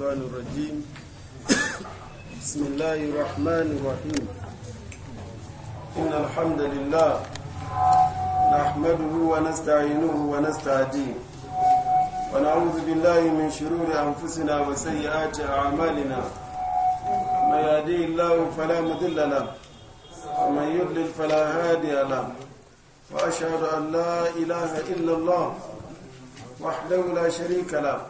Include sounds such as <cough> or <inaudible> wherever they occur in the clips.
الشيطان الرجيم بسم الله الرحمن الرحيم إن الحمد لله نحمده ونستعينه ونستهديه ونعوذ بالله من شرور أنفسنا وسيئات أعمالنا من يهديه الله فلا مضل له ومن يضلل فلا هادي له وأشهد أن لا إله إلا الله وحده لا شريك له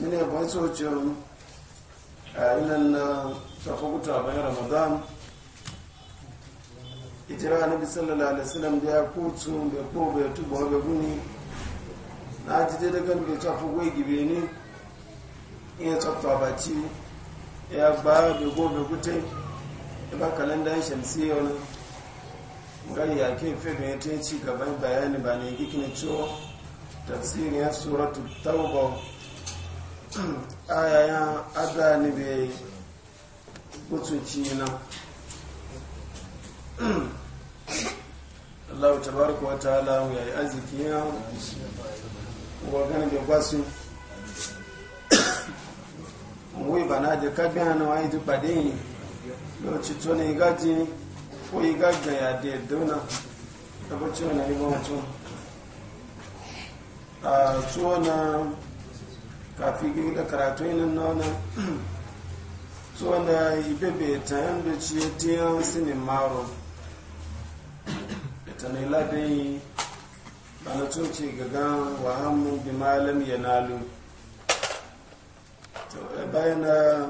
mine bon socho ilan tafakuta bayan ramadan itira na bisalala da silam da ya kutu da ko bai tuba be guni na ji dai daga bai tafi gwai gibe ne iya tsafta ci ya ba bai gobe gute ya ba kalandar shamsiyya wani gari ya ke febe ya ta ci gaban bayani ba ne gikin ciwo tafsirin ya suratu tauba aya ya ada ni be mutunci na Allah tabaraka wa ta'ala ya yi arziki ya wa gani be gwasu wai bana da kabi hana wa yi pàdé yìí yóò ti tó ní igájí fún igájí àdé ìdóná ẹgbẹ́ tí ó na tó kafin yi da karatu yanin nona su wanda ibebe ta yan da ci ya tiyan sinin maro ta ne yi ba na coci gaga wa hannu bi malam ya nalu e bayan da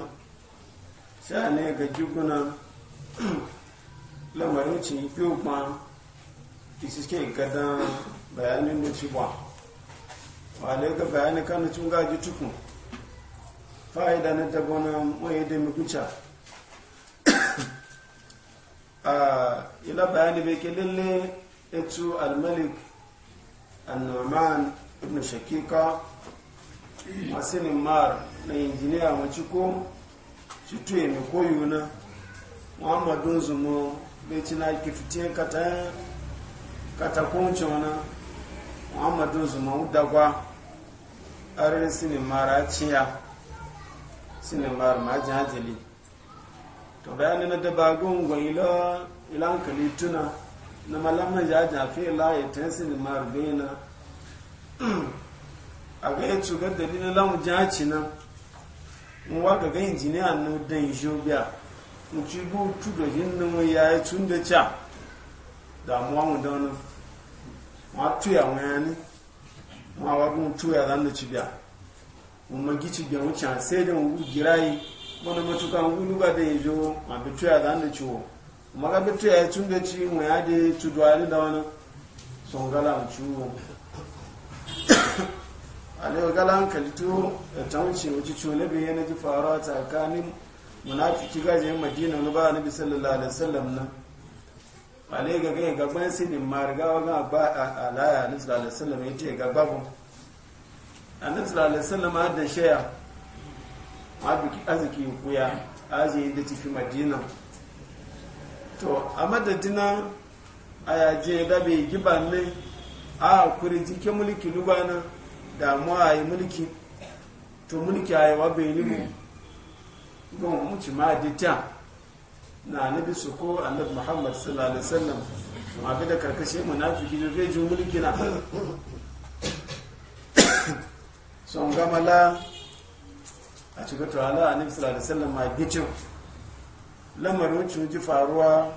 sha ne ga giguna <clears throat> lamarin ci fi hukuma isi ke gada bayanin da ci ba wale ga bayani kan cin gaji tukun fa'ida na tabona mai da mutuca a ila bayani bai ke lalle etu al-malik annoman ibn shakika masini mar na injiniya mace ko shi tuye mai koyo na muhammadun zumo bai ci na kifite katakon cewa na zumo dagwa arin sinimara ciya sinimar majajili to bayanin na dabagun gwaila ilankali tuna na malaman jaja fi laye ta sinimar bena <clears throat> a ga yi tsugar dalilin lamu jaci nan in waga ga injiniya na dan jobiya in ci bu tudo yin ya yi tun da ca damuwa mu da wani ma tuya wani wọn wá gún tuya zan da ci biya mun magi ci biya wuce sai da mun girayi wani matuka wulu ba da yajo a bi tuya zan da ciwo maga bi tuya ya tun da ci mu ya de tudwali da wani son gala mu ciwo alewa gala an hankali to ta wuce wuce ciwo na biyu yana ji faruwa tsakanin munafiki gajiyar madina wani ba na bi sallallahu alaihi wasallam nan ale ga ga ga ban sinin marga wa ga ba alaya annabi sallallahu alaihi wasallam yace ga babu annabi sallallahu alaihi wasallam da shaya abiki aziki kuya aje da tafi madina to a madadina a je da bai giba ne a kuri jike mulki lubana damuwa yi mulki to mulki a yi wa bai limu mu muci ma ta. na nabi su ko annabi muhammad sallallahu alaihi wasallam ma bi da karkashe munafiki ne zai ji mulki na son gamala a cikin tuwala annabi sallallahu alaihi wasallam ma gicin lamarin ji faruwa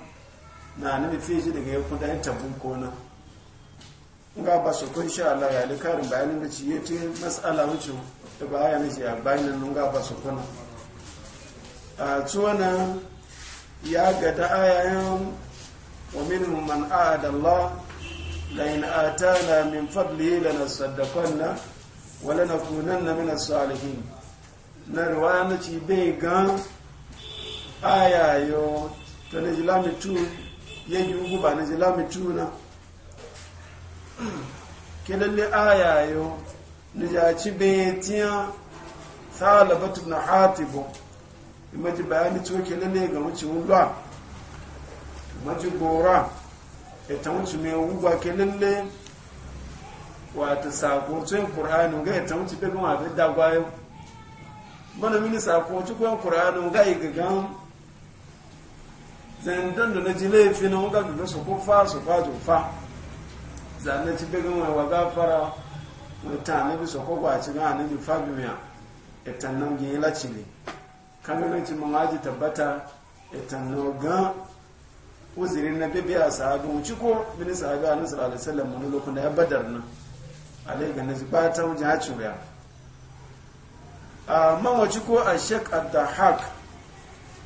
na nabi fiji daga yankunan ta tabun kona ga ba su kun sha Allah ya likarin bayanin da ciye ta mas'ala wuce da ba ya mishi a bayanin nun ga ba su kuna a tsuwanan ya gada ayayen wa minhum man adalla da la ata na min fadlihi lanasaddaqanna wa lanakunanna wale na kunan na riwaya na ci bai gan ayayo ta na jilami tu yi ugu ba na jilami tu na kilalli ayayo na ci bai tiya salabatu na hatibu imaji bayani tuwa ke lalle ga wuce e wugwa maji gora ita wuce mai wugwa ke lalle wata sako tuyin ƙur'anu ga ita e wuce bebe ma fi dagwayo mana mini sako tuyin ƙur'anu ga igagan e zandon da na ji laifi na wuga gaga su kufa su kwazo fa zane ci bebe ma waga fara mutane bi su kwa ci ga anabi fabiya ita nan gini lacile kanganci mun haji tabbata etanno ga uzirin na bebe a sahabin wuci ko mini sahabi a nasarar alisallam wani lokacin da ya badar nan alai ga nazi ba ta wuce haci wuya a mawaci ko a shek abdahak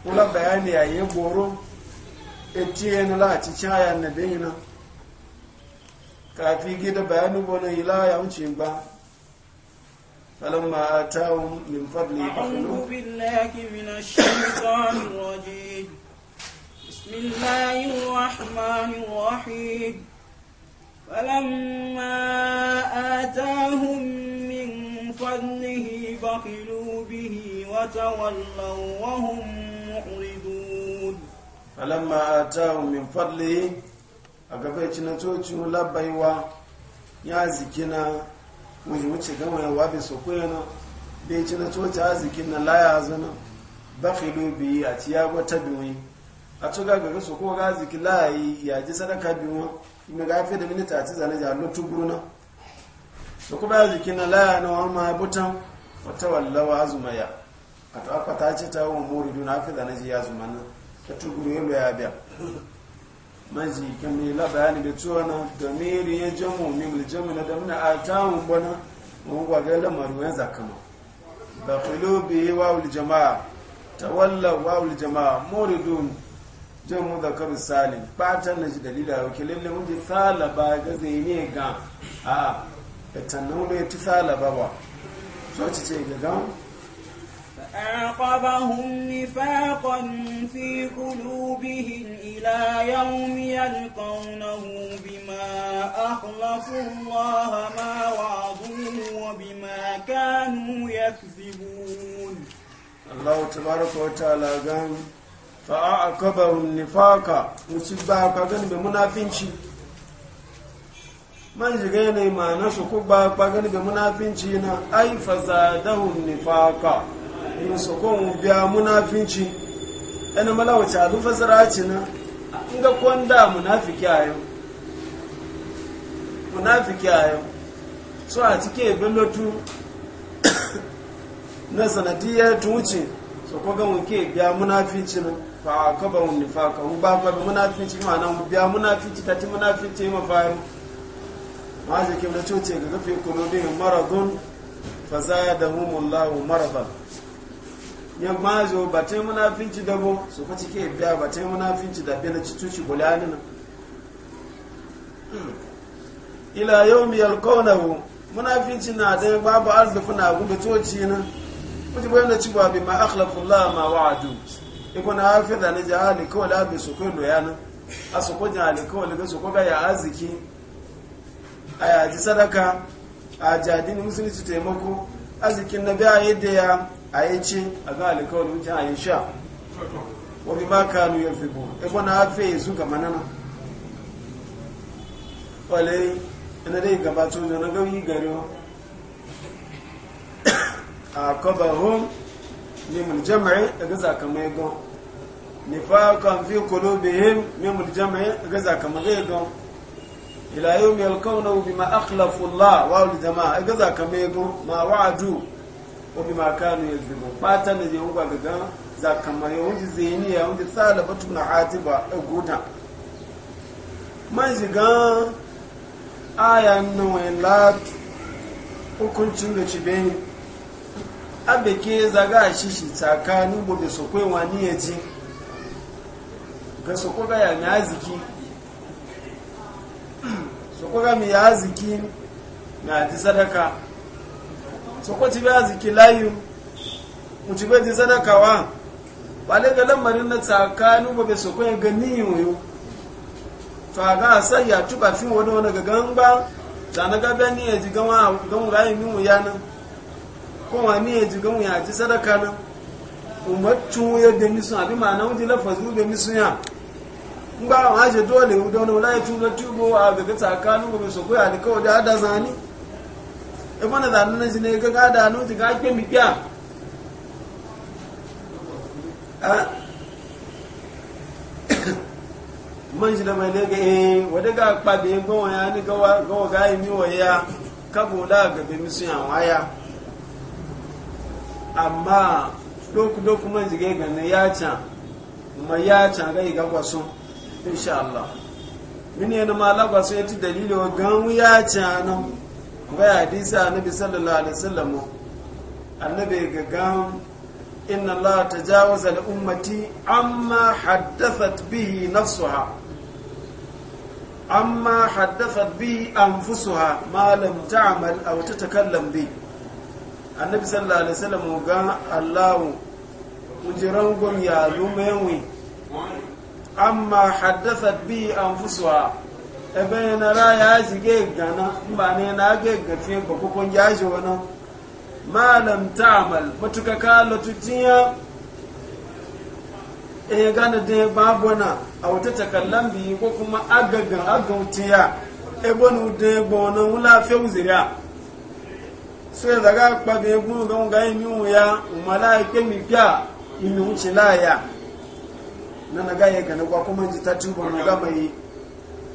wula bayani ya yi goro etiyen lati caya na bayina kafi gida bayani bono ila ya wuce ba فلما آتاهم من فضل بخلوا أعوذ بالله من الشيطان الرجيم بسم الله الرحمن الرحيم فلما آتاهم من فضله بخلوا به وتولوا وهم معرضون فلما آتاهم من فضله أقفيتنا نتوتي لبيوا يا زكنا wani wuce gama wani wabe so ko yana bai ci na coci arzikin na laya zana bakilu biyi a ci ya gwata biyu a to ga gaga so ko ga arziki laya yi ya ji sadaka biyu ina ga fi da minita a ci zane ja lotu guruna so ko ba arzikin na laya na wani ma butan wata wallawa azumaya a to akwata ce ta wani mori duna fi zane ji ya zumana ta tuguru yalo ya biya Maji kame la bayani da tuwa na damiri ya jamu mimul jamu na damina a tawun bana mun gwaga lamarin ya zakama da khulu wa wuli jamaa Ta wa wuli jamaa mu jamu zakaru salim fatan na ji dalila ya wuke lalle mun ji salaba ga zai ne ga a wuli ya ti salaba ba so ci ce ga gan فعاقبهم نفاقا في قلوبهم إلى يوم يلقونه بما أخلفوا الله ما وعظوه وبما كانوا يكذبون الله تبارك وتعالى قال فأعقبهم نفاقا وشبه قدن بمنافنشي man shiga ne ma na su ku ba gani da munafinci na ai fasadahun nifaka in so ko mu biya munafinci ana malawace a fasara saraci na in ga kwanda munafiki a yau munafiki a yau so a cike bellotu na sanadiyar tuci so ko ga muke biya munafinci na fa ka ba mu nifaka mu ba ba munafinci ma nan biya munafinci ta ti munafinci ma fa ma zai ke da tuce ga gafe kulubin maradun fa zadahumullahu maradun Yamma gbazo ba ta yi munafinci dabo su fa cike biya ba ta yi munafinci da biya na cituci gulanina hmm. ila yau mi hu munafinci na da babu arzikin na gudu toci na kuji bayan da cewa bi ma akhlafullah ma wa'adu iko na hafi da na jihali kawai da abin su kai doya na a su ko jihali kawai da su ko ya arziki a yaji sadaka a jadini musulunci taimako arzikin na biya yadda ya a yi ci a ga alikawar wuce a yi sha wa bi ma ya fi bu ebo na hafe su ga manana wale ina dai gabato da na gauyi gari a kaba hom mimul jama'i daga zakamai gon nifakan fi kulubihim mimul jama'i daga zakamai gon ila yau mai alkaunar bi ma akhlafu Allah wa jama'a ga zakamai gon ma wa'adu wabi makanu ya zibo fatan da yau ga za zakamar yau ji zeni ya sa da batu na ba a guda man shiga aya nawa latu hukuncin da cibeni abeke zaga shi shi tsakanin gobe su kwaiwa ni ya ji ga sokoga ya mi ziki su kuka mi aziki na ji sadaka soko ci ba ziki layu mu ci bai sadakawa ba ne ga lamarin na tsakanin ba bai soko ya gani yoyo to a ga sai ya tuba fi wani wani ga gamba da na gaba ni ya ji gama gamu rayu mu ya nan kowa ni ya ji gamu ya ji sadaka nan umarcu ya gani sun abi ma'ana wajen lafazu gani sun ya in ba a wajen dole wudon wula ya tuba tubo a gaga tsakanin ba bai soko ya da kawai da hada zani ebona na nan zine ga ga da nuti ga ke mi kya a <coughs> man shi da mai ga eh wada ga pa be go ya ni ga ga ga yi mi wa ya ka bo la ga be mi su ya wa ya amma doku doku man zige ga ne ya cha ma ya cha ga ga kwaso insha Allah mini yana ma lagwaso ya ti dalili wa gan ya cha nan ga hadisi annabi sallallahu alaihi wasallam annabi ga gan inna Allah tajawaza li ummati amma haddathat bihi nafsuha amma haddathat bihi anfusuha ma lam ta'mal aw tatakallam bi annabi sallallahu alaihi wasallam ga Allahu ujiran gum ya lumewi amma haddathat bihi anfusuha ebe na ra ya shige gana ba ne na ga gafe ba kukun ya shi wani malam ta'amal matuka ka ya, e gana da babu na a wata takallan biyu ko kuma agaga agautiya ebe ni da ya gba e, wani wula fe uziriya so ya zaga kpaga egwu ga nga imi ya, umala ike mi bia imi wuce ya, na na ga ya gana kwa kuma ji ta ụgbọ na ga mai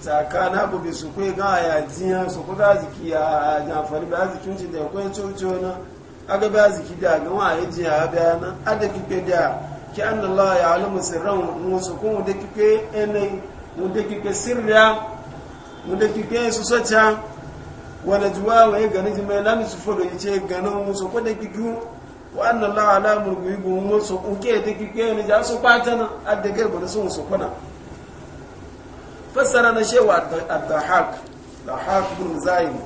tsakanin abu bai su kai gan ayajiya su aziki a amfani ba azikin ci da kwai coci wani aga bai aziki da wa a bai nan ada kike da ki an ya alamu sirran musu kun da kike enai mu da kike sirriya mu kike su socha wani juwa ya gani jimai lami su fodo ya ce ganin musu ko kike wa an Allah alamu gugu fassara na shewa ad-dahak dahak bin Zayin,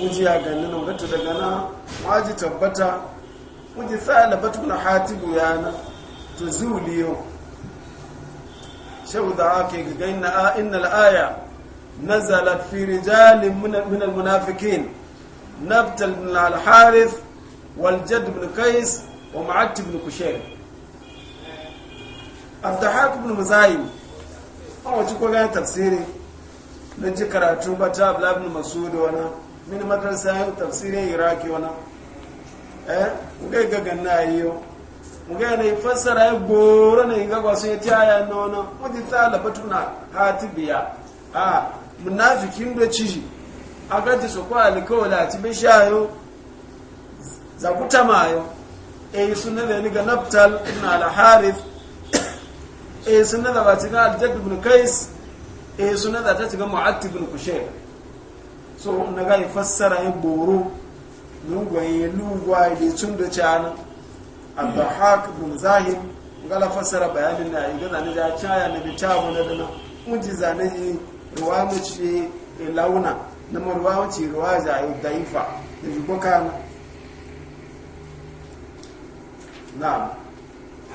kuji ya ganni na wata daga na waji tabbata kuji sa'ala batu na hatibu yana to zuliyo shehu da ake gaga na a innal aya nazalat fi rijalin min al-munafiqin nabtal bin al-harith wal jadd bin qais wa ma'at bin kushair ad-dahak bin muzaim awon ci koga tafsiri na ji karatu ba ta ablabin da wani mini madarsa yau tafsirin iraki wani eh yi ga ganna yiyo na yi fassara ya goro na yi ga kwaso ya taya nono wani na hati biya. a ah, munafikin da ciji a gaji su kwa alkawala ci bin shayo zakuta mayo eh suna da ni ga naftal na al eh sunna da ba cikin al-jadd ibn kais eh sunna da ta cikin mu'att ibn kushayb so na ga fassara ya boro lugwaye lugwaye da tun da cana abdahak ibn zahir ngala fassara bayanin na idan na ja chaya na bitabu na dana unji zane ruwa mu ci eh, launa na ruwa mu ci ruwa za yi daifa da jiboka na na'am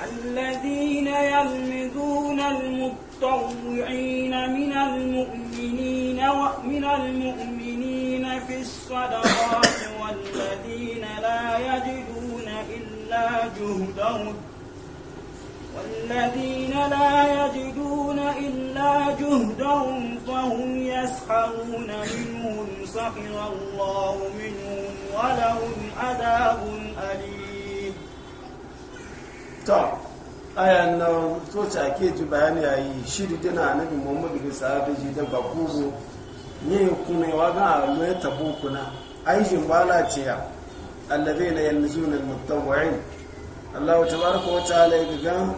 الذين يلمزون المتطوعين من المؤمنين ومن المؤمنين في الصدقات والذين لا يجدون إلا جهدهم والذين لا يجدون إلا جهدهم فهم يسخرون منهم سخر الله منهم ولهم عذاب أليم ta ayan na to take ji bayani yayi shiri dana annabi muhammadu bin sahabi da bakuru ne kuma wa ga lo tabukuna aishin bala ce ya alladheena yalmizuna almutawwi'in Allah tabaraka wa ta'ala ga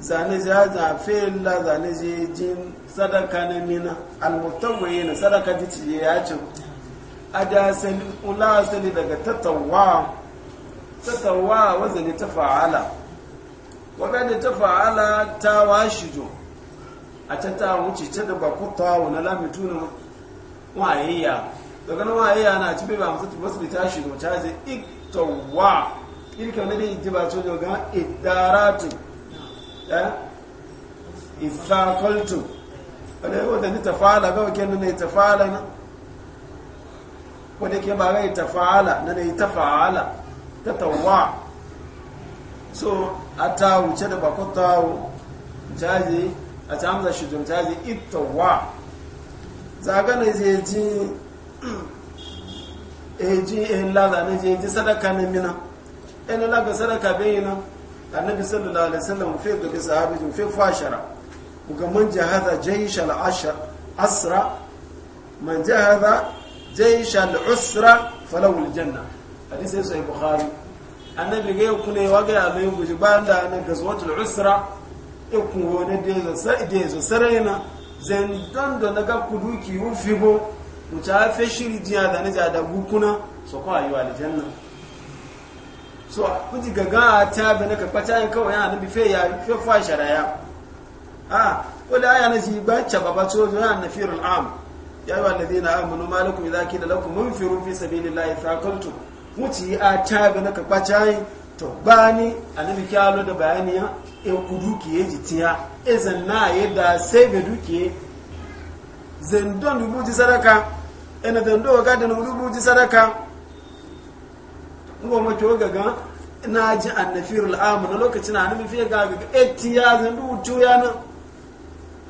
zane za za fela zane ji jin sadaka na mina almutawwi'in sadaka ji ci ya ci ada sali ula sali daga tatawwa tatawwa wazani tafa'ala wakati ta fa'ala ta washi jo a ta ta wuce ta da ba wa tawo na lamitu na wayayya daga na wayayya na ci bai ba musu basiri ta shi ta ce iktawa irka wani da iji ba ce jo ga idaratu ya izakoltu wadda yi wadda ni ta fa'ala ga wakil nuna ta fa'ala na wadda ke ba ga ta fa'ala na na ta fa'ala ta tawa so ata wuce da bakwata jaji a tamza shi don jaji ita wa zagana zai ji eji eh, ehlala na je ji sadaka na mina ina laga sadaka bai na annabi sallallahu alaihi wasallam fi da bi sahabi fi fashara ga man jahaza jaysh al ashar asra man jahaza jaysh al usra falahu al janna hadisi sahih bukhari annabi ga yau kune wa ya guji bayan da na gazwatul usra ya kuwa saraina zan don da na ga kudu ki wufi fibo wuce a fe shiri jiya da na jada gukuna so ko ayu aljanna so kuji gaga ta be na ka kwata yin kawai yana annabi fe ya fe fa sharaya a wala aya na ji ba ta baba to ya nafirul am ya ayu alladhina amanu malakum idza kila lakum munfirun fi sabilillahi thaqaltum wuce a caga na kakpa cayi to bani annabi kyalo da bayani ya e ku dukiye jitiya izan e na yadda sai ga dukiye zandon rubuji sadaka ina e zando ga da rubuji sadaka ngoma to ga na ji annafirul amu na lokacin annabi fiye ga ga etiya zandu tuya na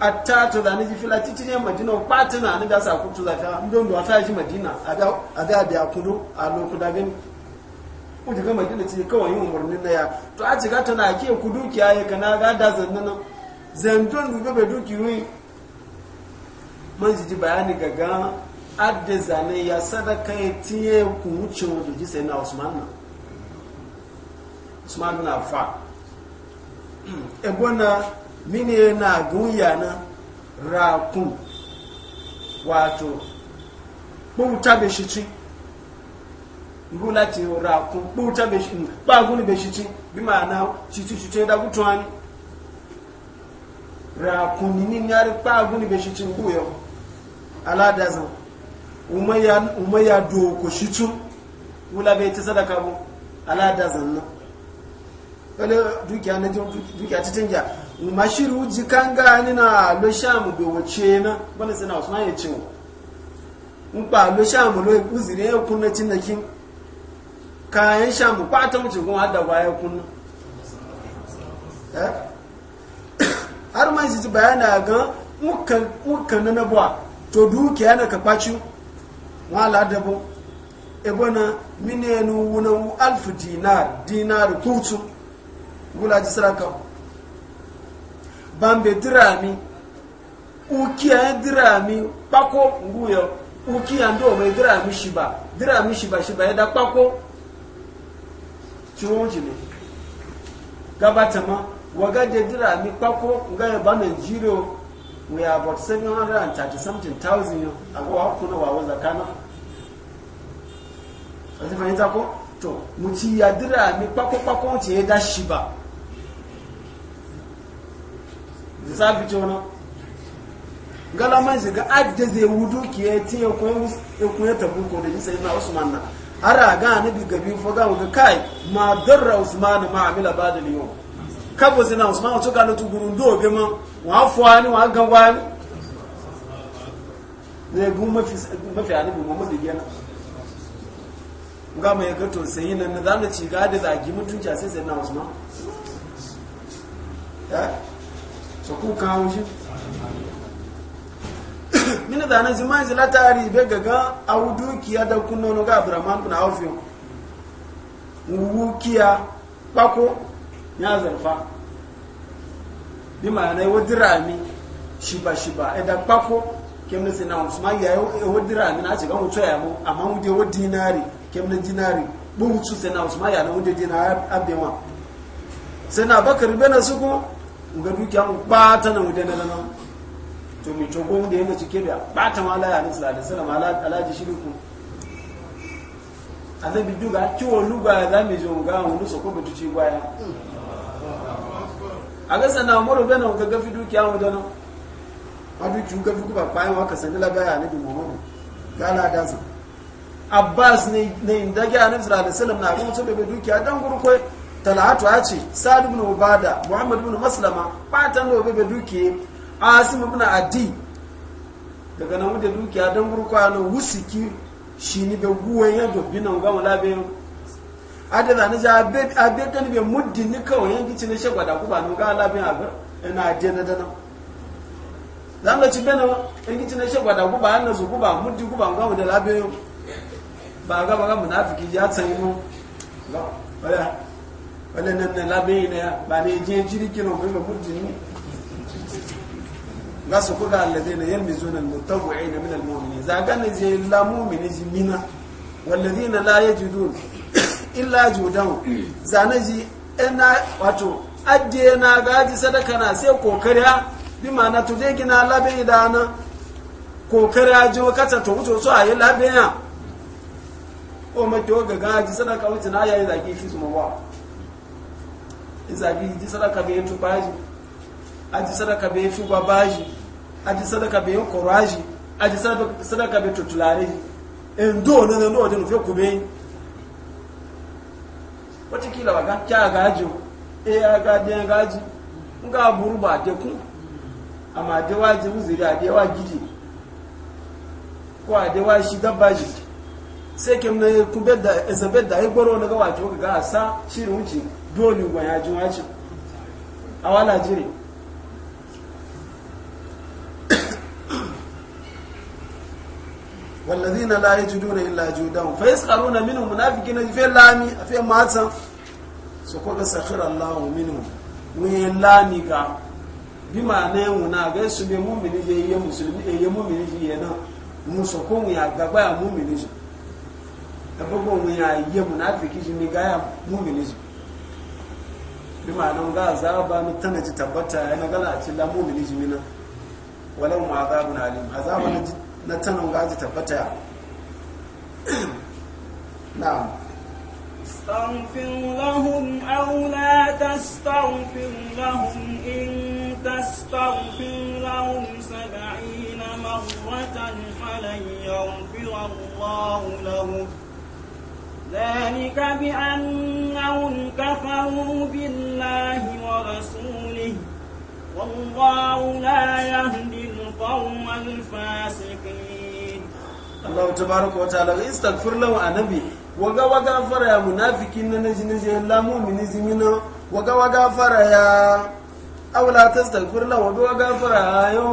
Ata to da niji fila titi ne madina pati na ni da sa ku tuza fila ndo ndo ji madina ada ada da kudu a loku da gani ku diga madina ce kawai yin umurnin da ya to a jiga na ke ku dukiya ya na ga da nana zandon dubi be duki man ji ji bayani gaga a'di zane ya sadaka ya tiye ku wuce wato ji sai na usman na usman na fa ebona mini na gunya na raku wato kpauta bai shi ci ngu láti rakun kpauta be shichi kpagun guni be shichi bi ma na cici cici da ku wani raku ni ni yari kpagun guni be shichi ngu yau umaya umaya doko shi tun wula be ta sadaka bu aladazan nan wani dukiya na dukiya cikin ya mashiru jikan gani na lo shamu be wace na bana sana usman ya ce in ba lo shamu lo uzire ya kunna cin da kin kayan shamu ba ta wuce kuma hadda baya kunna eh? <coughs> har ma ji bayana ga mukan mukan na ba to dukiya na ka kwaci wala da bo e bona minenu wuna alf dinar dinar kutu gula ji saraka bambe dirami ukiya dirami kpako nguyo ukiya ndo mai dirami shiba dirami shiba shiba ya da kpako ciwon jini gabata ma waga da dirami kpako nga ya ba nigeria we are about 730 something thousand yo agwa hakuna wawo zakana azifanyita ko to mu ci ya dirami kpako kpako ce ya da shiba lissafi ce wani galaman shiga adda zai wudu ki ya ce ya kuma ya tabu ko da nisa yana usman na ara ga nabi gabi fo ga ga kai ma darra usman ma amila bada ne yau kabo na usman wato ga lutu gurun do be ma wa ni wa ga wa ni ne gu mafi mafi annabi muhammad da yana ga mai ga to sai nan da zamu ci ga da zagi mutunci sai sai na usman eh? so ku kawo shi <coughs> mini da nan zima zila tari be gaga audu kiya da kunno no ga abraman bin auf yo wu kiya bako ya zarfa bi ma na wadirami shiba shiba e da bako kemne sina usman ya e wadirami na ce ga mutu ya mu amma mu je wadinari kemne dinari bu mutu na usman ya na mu je dinari abewa sina bakar bena suku. ga dukiya mu bata na wajen da nan to mai to da yana cike da bata ma Allah ya nabi sallallahu alaihi wasallam ala alaji shirku azabi duga ciwo luga za mi zo ga mu so ko bitu ci gwaya a ga sana umaru da ga gafi dukiya mu dana nan ba duki ga fi kuma bayan wa ka sani labaya nabi muhammad gala da su abbas ne da inda ga nabi sallallahu alaihi wasallam na kuma mutum da dukiya don gurkwai talatu ya ce sadu bin ubada muhammadu bin maslama fatan lobe da duke asim ibn adi daga nan da duke a dan burkwa na wusiki shi ni be guwen ya dobi nan ga wala be adana ni ja be abe kan be muddi ni kawai yanki ci na shagwada ku ba nuga ala a aga ina aje na dana zan ga ci be na yanki ci na shagwada ku ba na zu ku ba muddi ku ba ga wala be ba ga ba ga munafiki ya tsayi mu ba wala wani nan na labe ya ba ne je jirgin rufe kun jini ga su kuga allazi na yalmi zunan mutawwa'i na minal mu'mini za ga ne je la mu'mini ji mina wallazina la yajidun illa judan za na ji ina wato adde na gaji sadaka na sai kokari ha bi ma na tuje gina labe da na kokari ha ji wakata to wuce so ayi labe ya o ma to ga gaji sadaka wuce na yayi zaki fi su mawa izagi ji sadaka be tu baji aji sadaka be tu babaji aji sadaka be koraji aji sadaka be tutulare endo na na no de no fe kube wata kila waga kya gaji e aga de gaji nga buru ba de ku amma de waji uzuri a de wa gidi ko a de wa shi dabbaji sai kem ne kubedda ezabedda e gboro daga wato ga sa shirin wuce dole gwaya ji wace a wala jire والذين لا يجدون الا جودهم فيسخرون منهم منافقين في لامي في ماتن سوكو سخر الله منهم وين لامي كا bima na yin wuna ga su be mumini je yi musulmi e yi mumini je yi na muso ko mu ya gaba ya mumini je ta mu ya yi munafiki je ni ga ya mumini je bi ma'ana ga azaba mu tana ji tabbata ya na gala a cikin lamu mini jimina walau mu azabu na alim azaba na tana ga ji tabbata ya <clears throat> na'am استغفر لهم أو لا تستغفر لهم إن تستغفر لهم سبعين مرة فلن يغفر الله لهم ذلك بأنهم كفروا بالله ورسوله والله لا يهدي القوم الفاسقين الله تبارك وتعالى استغفر له النبي waga waga fara ya munafikin na naji naji la mu'mini zimina waga waga fara ya awla tastaghfir la waga waga fara ya yo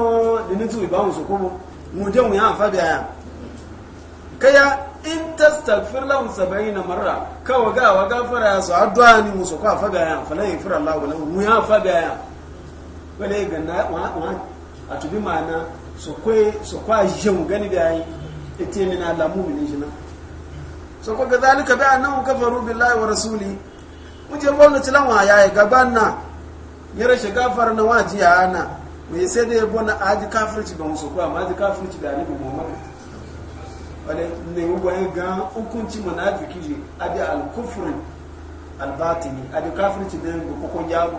dinitu ibamu sokobo mu je mu ya fa biya kaya in tastaghfir lahum sabayi marra mara waga wa gafara ya su addu'a ni musu ka faga ya falan yaghfir Allah lahum mu ya faga ya wale ga na wa a tubi mana su kwe su kwa jin gani da yi ite min Allah mu'minin shi na so ko ga zalika bi annahum kafaru billahi wa rasuli mu je bonno wa ya ga banna yare shi gafara na wajiya ana me sai da yabo na aji kafirci ba musu ko amma aji kafirci da ni Muhammad wale ne wani gan hukunci munafiki ne adi alkufurin albatini adi kafirci ne ga kokon yabo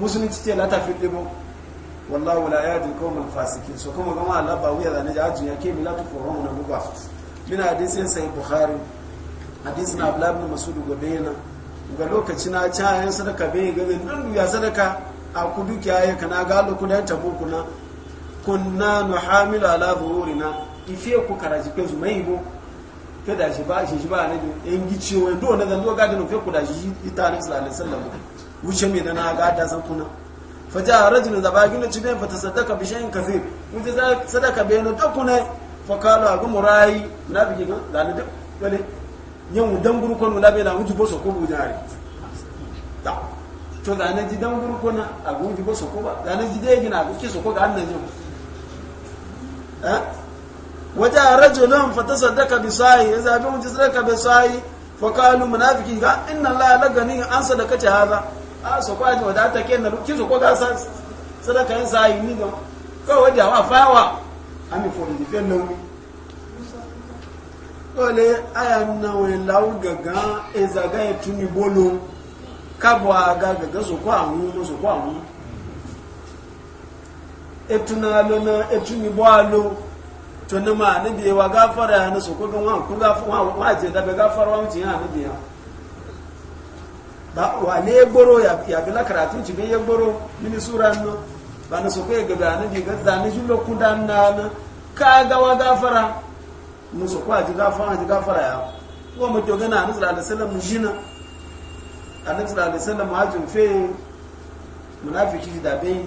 musulunci ce latafi fiɗe mu wallahu la kawo mai fasiki so kuma gama Allah ba wuya zane jaju ya ke milatu forum na buga min hadisin sai bukhari na abdullah ibn gobe gobeena ga lokaci na ci yin sadaka bai ga nan ya sadaka a kudu kiyaye kana ga ya tabo kuna kunna nuhamilu ala na. ife ku karaji pe zuma bo fe da shi ba shi ba ne en gici wani do na zanzo ga dinu fe ku da shi ita ne sallallahu alaihi wasallam wuce me da na ga da san kuna fa ja rajulun da bagin da cibe fa tasaddaka bi shay'in kathir wuce za sadaka be no to kuna fa kala agu murai na bi ga da ne wale yan dan guru kono la be na wuce boso ko bujare ta to da ne ji dan guru na agu wuce boso ko ba da ne ji dai gina agu ke so ko ga annabi eh waje a rajulun fata sadaka bi sa'i ya zaɓi mu ji sadaka bi sa'i fa kalu munafiki ga inna la la gani an sadaka ta haza a so ko aje wadata ke na ki so ko ga sadaka yin sa'i ni ga ko waje wa fawa ami fo ni fe no mi ole aya na we lawu gaga e zaga e tuni bolo kabo aga gaga so mu, awun so mu. awun etunalo na etuni bo alo Tun na ma na biye wa gafara ya nasu ku gafara wa je daga gafara wa mutin ya biya ba wa ne gboro ya ya bila karatu ci ne ya gboro sura no ba na ko ga da na ga za ku dan na na ka ga wa gafara musu ko aji gafara aji gafara ya ko mu jina fe munafiki da bai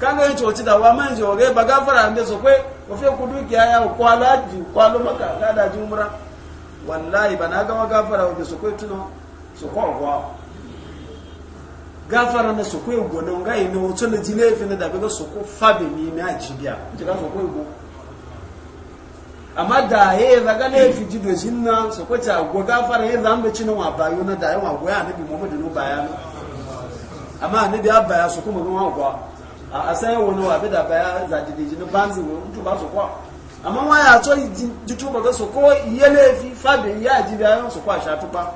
kanga yin coci da wa man jo ga ba gafara da so kwe ko fe ku dukiya ya ko alaji ko alo maka da da jumra wallahi bana ga gafara da so kwe tuno so ko wa gafara na so kwe na nga yi no to ji fe na da ga so ko fabe ni na jibiya ji ga so kwe go amma da ye zaga ne fi ji do jinna so ko ta go gafara ye zamba cinan wa bayo na da yawa go ya nabi muhammadu no bayano amma nabi abba ya so kuma ruwa gwa a sai wani wa da baya za ji diji ni ba so kwa amma wa ya to ji tu ba so ko yele fi fabin ya ji da kwa sha ba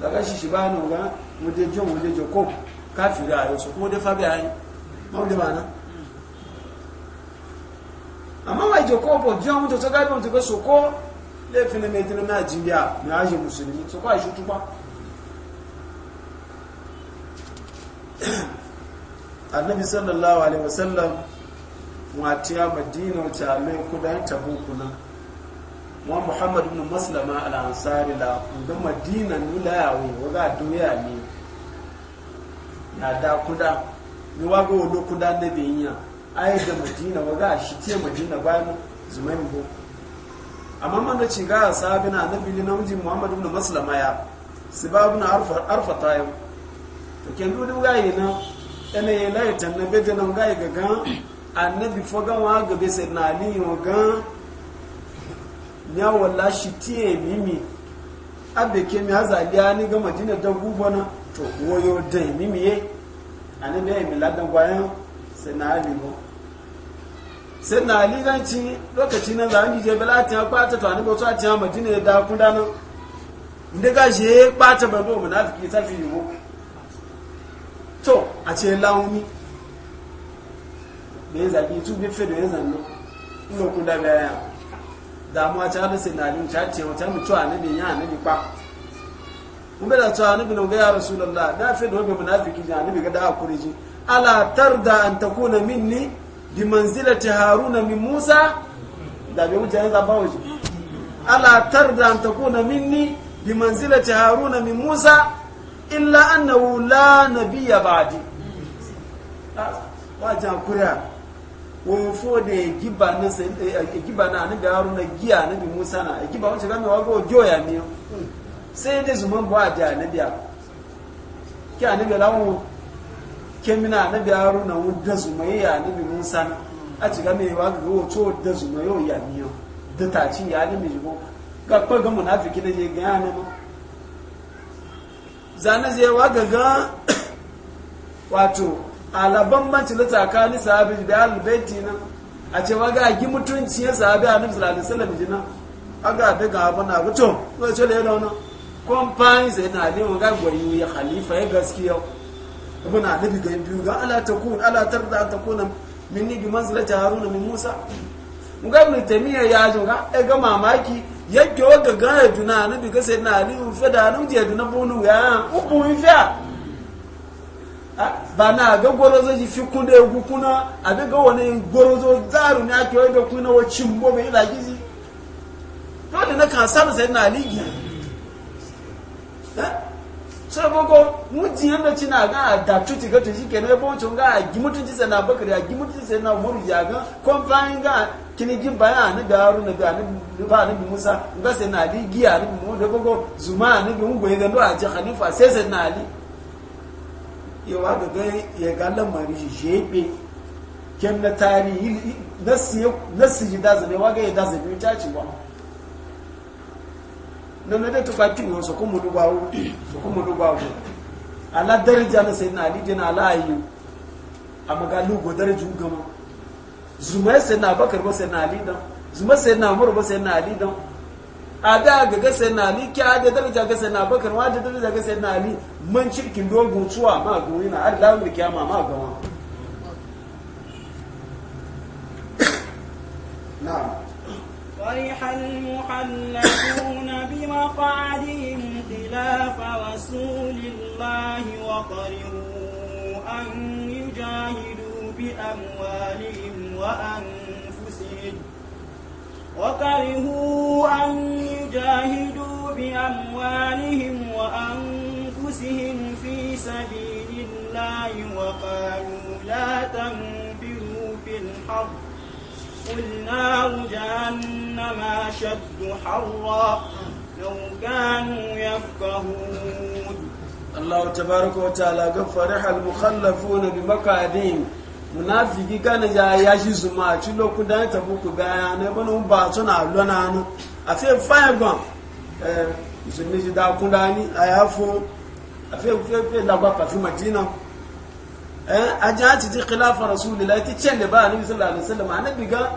daga shi shi ba no ga mu de ko ka fi ko fabi ayi bana amma wa jo ko bo jo mu to so ga bo ko le ne na musulmi kwa shi tu <coughs> annabi sallallahu alaihi wasallam watiya madina wacce mai kudan tabukuna wa muhammad ibn maslama al-ansari la kudan madina nula yawo waga doya ne na da kuda ni waga wado kuda da binya ai da madina waga shi ce madina bayan zuman bo amma man da ci ga sabina annabi ne namiji muhammad ibn maslama ya sibabun arfa arfa tayyib kendo da waye na ene ya laye tanna be ganan gaye ga gan annabi fo gan wa ga be sai na ni yo gan nya wala shi tie mimi abe ke mi azali ani ga madina da gubana to woyo da mimi e ye annabi e ya mi ladan gwayan sai na ali mo sai na ali gan ci lokaci na za ni je belatin ba ta to annabi so a ci madina da kudana inda ga je ba ta babo munafiki ta fi yi mu to a ce launi da ya zaɓi tu bi fe da ya zanno ina ku da baya damuwa ta da sinarin ta ce wata mu cewa nabi ya nabi ba mun bada cewa nabi nan ga ya rasulullah da fe da wani munafiki ja nabi ga da hakuri ji ala tarda an takuna minni Manzila ta haruna min musa da bai wuce ya zaba waje ala tarda an takuna minni Manzila ta haruna min musa illa annahu la nabiyya ba'di wa ja kuriya wo fo de giba na se eh, eh, giba na ni garu na giya na bi musa na eh, giba wace ga mi wa go joya mi sai de zuma bo aja na biya ki ani ga lawo kemina na biya ru na wo da zuma ya na bi musa na a ci ga mi wa go to da zuma yo ya mi yo da ta ci ya ni mi go ga ko ga munafiki na je ga na zane zai wa gaga wato ala banci na tsakanin sahabi da albaiti nan a ce wa gi mutunci ya sahabi a nufisar alisalam jina an ga daga abin na mutum ko ce da yana wani kwamfani zai na ne wa gagi ya halifa ya gaskiya na nufi ga biyu ga ala ta kun ala tarda ta kun min ni bi manzilata haruna min musa mun ga mu tamiya ya ga ga mamaki yake wa gaggan ya juna na bi sai na ali ufe da hannun jiya juna bunu ya ubu ife ba na ga gorozo ji fi kun da yugu kuna a ga wani gorozo zaru ne ake wa ga kuna wa cimbo bai ila gizi dole na kan samu sai na ali gi eh? sabogo boko mutum cina ga da cuci ga tuci kenan ya baucin ga a gi mutunci sai na bakari ya gi mutunci sai na umaru ya ga kwamfanin ga kini gi baya ni ga haru na ga ni ba ni musa ga sai na ali giya ni mu da boko zuma ni bi mu goyi ga ndo a ji hanifa sai sai na ya wa ga ga ya ga lamari jebe kem na tarihi nasi nasi da zabe wa ga ya da zabe ta ci wa. nana to ba kiwo so ko mudu bawo so ko mudu bawo ala daraja na sayyidina ali dina ala ayu amma go daraju gama zuma sayyidina abakar ba sayyidina ali dan zuma sayyidina umar ba sayyidina ali dan ada ga ga sayyidina ali ki ada daraja ga sayyidina abakar wa da daraja ga sayyidina ali man cirkin dogo tuwa ma go na har mu kiyama ma gama na'am فرح المحلفون بمقعدهم خلاف رسول الله وقرروا أن يجاهدوا بأموالهم وأنفسهم وكرهوا أن يجاهدوا بأموالهم وأنفسهم في سبيل الله وقالوا لا تنفروا في الحرب قل نار جهنم أشد حرا لو كانوا يفقهون الله تبارك وتعالى فرح المخلفون بمقعدهم munafiki kana ya yashi zuma a cikin lokutan ta buku gaya ne bana ba suna lona no a fe fire gun eh sun ji da kundani a yafo a fe fe da ba kafin madina ajiya eh, ci ji khilafa rasulillah ta ce da ba a nabi sallallahu alaihi wasallam a nabi ga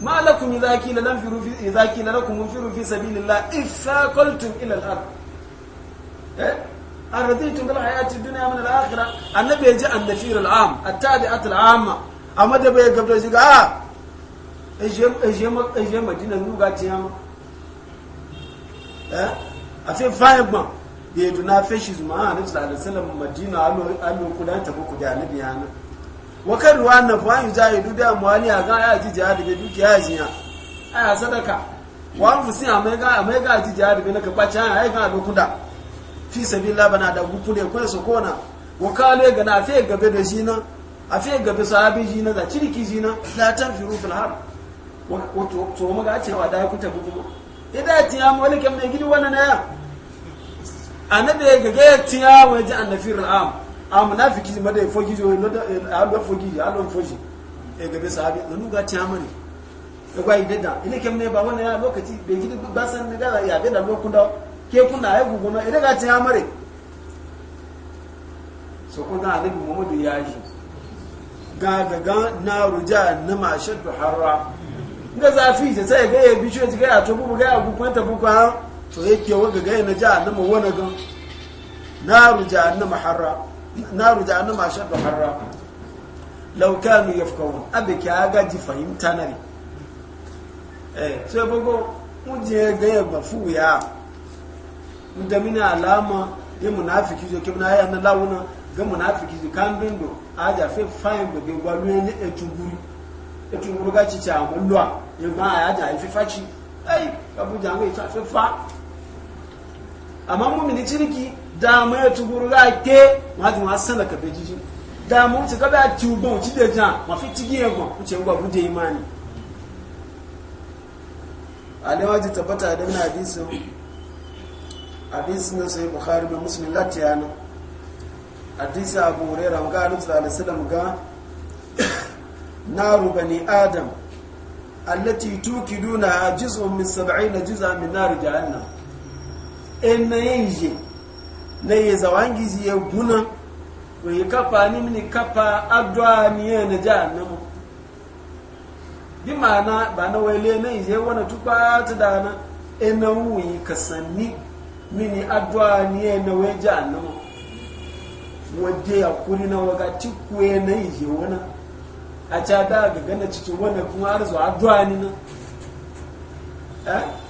ma lakum idza qila lam firu fi idza na lakum firu fi sabilillah ifaqaltum ila al-ard eh tun bil hayati dunya min al-akhirah annabi ji an-nafir al-am at-tabi'at al-amma a da bai gabda shi ga ah, eje eje eje madina nuga tiyama eh a fi fa'ibma ya yi na fashi zuma a ah, nufi sallallahu salam madina alo kudan tafi ku da alibi hannun wakar ruwa na yi za yi dubi muhalli a ga ya ji jihar da dukiya ya ji a ya sadaka wa an fusi a mai ga ji jihar da na kaba can a a alo kuda fi sabi labana da gukule kwai su kona ne ga na fiye gabe da shi na a fiye gabe abi shi na da ciniki shi na da can fi rufin har wato mu ga cewa da ya kuta bugu idan ya ci ya mawali kamar gidi wannan na ya annabi ya gaga ya tiya wa ji annafir al'am a munafiki ma da ya fogi jo eh, a lo fogi a lo fogi ya gabe sahabi da nuga tiya mani ya kwa yi dada ile kem ne ba wani ya lokaci bai gidi ba san ne da ya dada lokun da ke kuna ya gugu na ile ga tiya mare so kun ga annabi muhammadu ya yi ga gaga na ruja na mashaddu harra ga zafi ta sai ga ya bishiyo ta ga ya to buga ya gugu ta buga to yake waga gaya na jahannama wani gan naru jahannama harra naru jahannama shaddu harra law kanu yafqahun abe ki aga ji fahimta na ne eh so bago muje gaya mafu ya da mini alama ya munafiki zo kibna ya na launa ga munafiki zo kan dindo aja fe fine be be gwalu ne etuguri etuguru ga ci cha mulwa ya ma aja ife faci ai abuja ngai ta fe fa amma mini ciriki da mu ya tuguru ga ke ma ji ma sanda ka beji da mu ci ka ba ti ubon ci de jan ma fi tigi e gon ku ce ngwa bu de imani ale ji tabbata da na hadisi hadisi na sai bukhari da muslim yana hadisi abu hurairah ga annabi sallallahu alaihi wasallam ga naru bani adam allati tukiduna juz'un min 70 juz'an min nar jahannam ena yinje na ye zawangizi ye guna wai kafa ni mini kapa adwa ni ye na jahannamu bi ma'ana ba na wale na yinje wani tukpa ta dana ena wuyi kasani mini adwa ni ye we wai jahannamu wadde ya kuri na waga tikwe na yinje wani a ca da ga gana cikin wani kuma arzu adwa ni na eh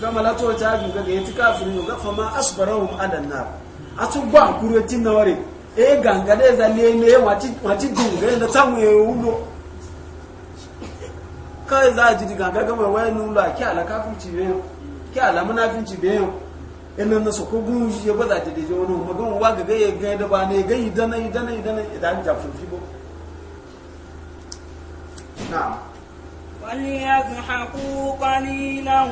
gama la to ta ga ga yanti kafirin ga fa ma asbarahum adan nar atu gba kuro tin na ware e ganga de za le ne wati wati din ga da tamu e ulo kai za ji diga ga gama wayan nulo a ki ala ti be yo ki ala munafinci be yo ina na so ko gun shi ba za ta de jo no magan wa ga ga ga da ba ne ga idana idana idana idan ja fufi bo na'am وليضحكوا قليلا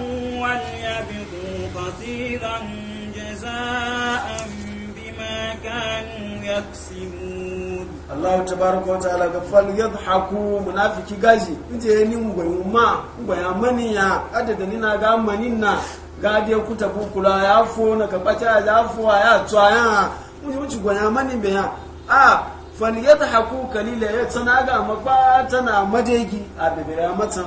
وليبكوا كثيرا جزاء بما كانوا يكسبون الله تبارك وتعالى قال يضحكوا منافقي غازي nje ni ngwe uma ngwe amani ya na ga bukula ya fo faliyar haku kalila ya tana ga magba tana madegi a bibira matan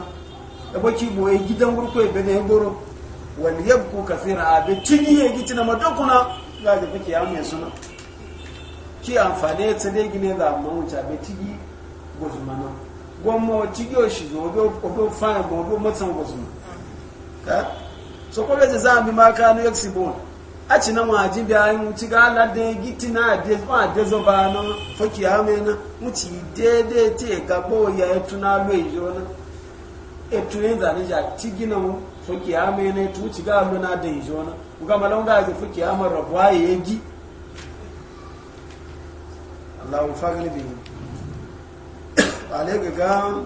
da baki boye gidan gurku ya bane goro wani yabku kafira a bi tuni ya gici na madakuna za da fake ya mai suna ki amfani ta ne gine da amma wuce bai tigi gozumana gwamma tigi o shi zo obi fine ba obi matan ka so k'o ta za a bi maka na yaksi bone a ci na waji bayan wuci ga alade giti na ade fa ade zo ba na foki ya me na wuci dede te ga bo ya etu na lo ejo na etu yin e zane ja ti gina mu foki ya me na etu wuci ga lo na de ejo na uga malon ga ga foki ya ma rabu aye yegi Allahu fagli bi ale ga ga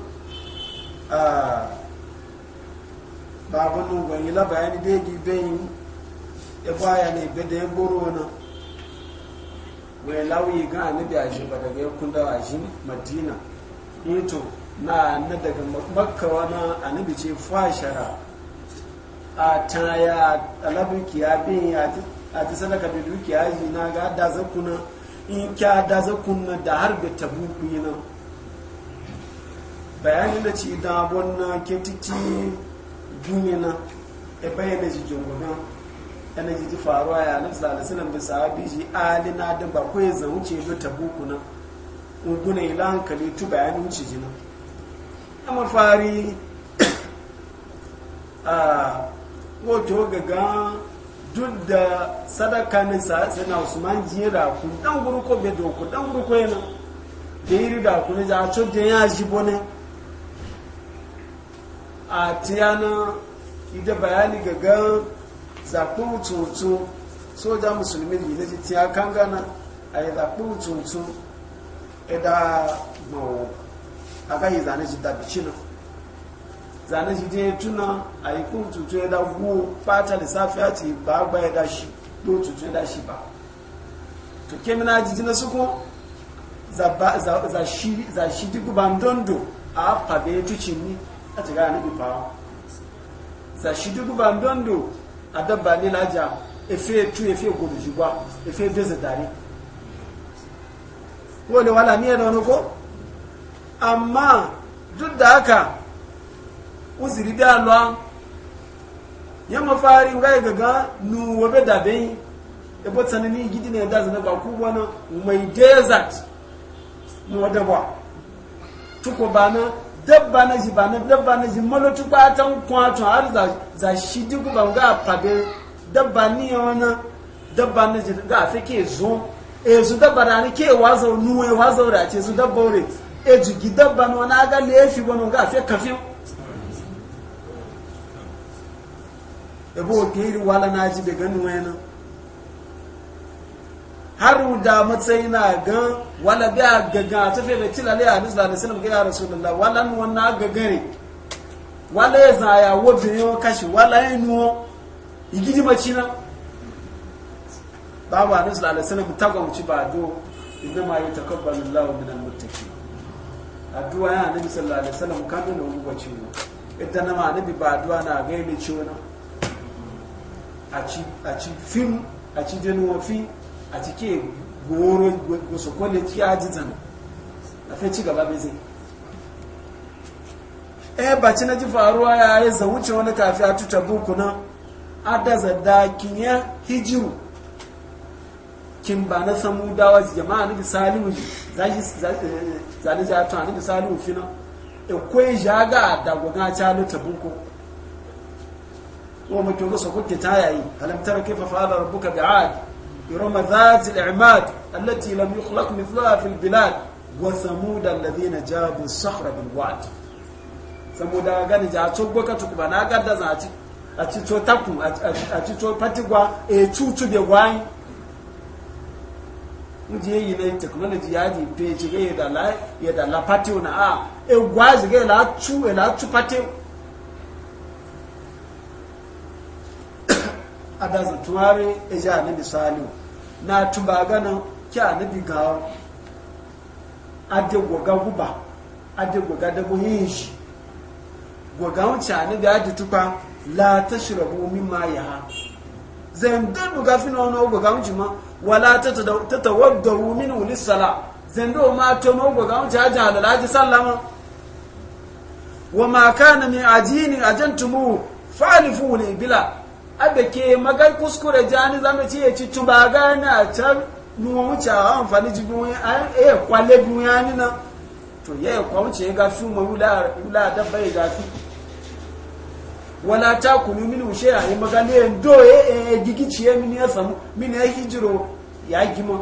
ah, a babun nungon yi labayani dai gibeyin ya baya ne bada ya boro wani mai lawi ga annabi a shi ba daga yankun da a shi madina ito na na daga makka wani annabi ce fashara a ta ya alabuki ya bin a ta sadaka da dukiya yi na ga da zakuna in kya da zakuna da har da tabuku yi nan bayanin da ci da wannan titi duniya na ebe bayyana jikin gudan yana ji faruwa ya nan sallallahu alaihi wasallam da sahabi ji alina da ba ko ya zauce do tabuku nan uguna ila hankali tu bayanin ji nan amma fari <coughs> a wato gaga duk da sadaka ne sa na Usman ji ra ku dan guru ko be do ku dan guru ko yana da iri da ku ne ja to da ya ji bone a tiyana ida bayani gaga zakuru tutu soja musulmi da gidaji tiya kan gana a yi zakuru tutu ida e mawo a kan yi zane shi daga cinu zane shi je tuna a yi kun tutu ya da gu fata lissafi ya ce ba gba ya dashi ko tutu ya dashi ba to kemina jiji na suku za shi duk bandondo a fabe tucin ni a tiga ni bi fa za shi duk bandondo adaba ni laja efe tu efe gorujugba efe bezedari wole wala ni yana wani ko amma duk da aka uziri bi alwa ya mafari ga gaga nu wabe da yi ebo ni gidi ne da zana ba wani mai desert mu wadda ba tuko ba na dabba na ji ba na dabba na ji malotu batan kwato har za shi duku ba ga fabe dabba ni yana dabba na ji ga fi ke zo e su dabba da ni ke wazo nuwe wazo da ce dabba ore e jigi dabba no na ga lefi bono ga fi kafin ebo ke wala na ji har da matsayi na ga wala biya a ta fere tilale a hadis da hadis na ga ya rasulullah wala na wannan gagare wala ya zaya wabi yo kashi wala ya nu igidi macina babu hadis da hadis na mutagwa mu ci ba do inna ma yi yatakabbalu Allahu min al-muttaqin addu'a ya nabi sallallahu alaihi wasallam kan da mu gwaci ne idan na ma nabi ba addu'a na ga ni ciwo na a ci a ci fim a ci denuwa fim a cike goro su kwallo ci a jizan a fi ci gaba bezin ba baci na ji faruwa ya yi zawuce wani kafi a tuta buku nan adaza da ya hijiru kin ba na samu dawa jama'a na bisalimu zane ja ta na bisalimu fina akwai jaga da gwaga ta luta buku wa mutum ga sokoke ta yayi halamtar kai fa fa'ala bi'ad إرم ذات الإعماد التي لم يخلق مثلها في البلاد وثمود الذين جابوا الصخر بالوعد ثمود أغاني جاء تشبك تكبا ناقا دزاتي أتشو تكو أتشو باتقوا أتشو تبيا واي Mji yi na teknoloji ya di pe ci ga yada la yada la pati na a e gwazi ga la chu e la chu pati adazan tuware e ja ne misali na tuba ganin kya anabi gawo ade goga guba ade goga da buhin shi goga wuce anabi ade tupa la ta tashrabu mimma yaha zan dan goga fina wani goga wuce ma wala tatawaddahu minhu lis-sala zan do ma to ma goga wuce aje halalaji sallama wa ma kana min ajini ajantumuhu fa'alifu li bila abe ke magar kuskure jani zama ci ya ci tuba a can nuwa wuce a amfani ji buwai a ya kwale buwai ni na to ya yi kwamce ya gafi ma wula dabba bai gafi wala ta kunu mini wuce a yi magani ya do ya gigici ya mini ya samu mini ya hijiro ya gima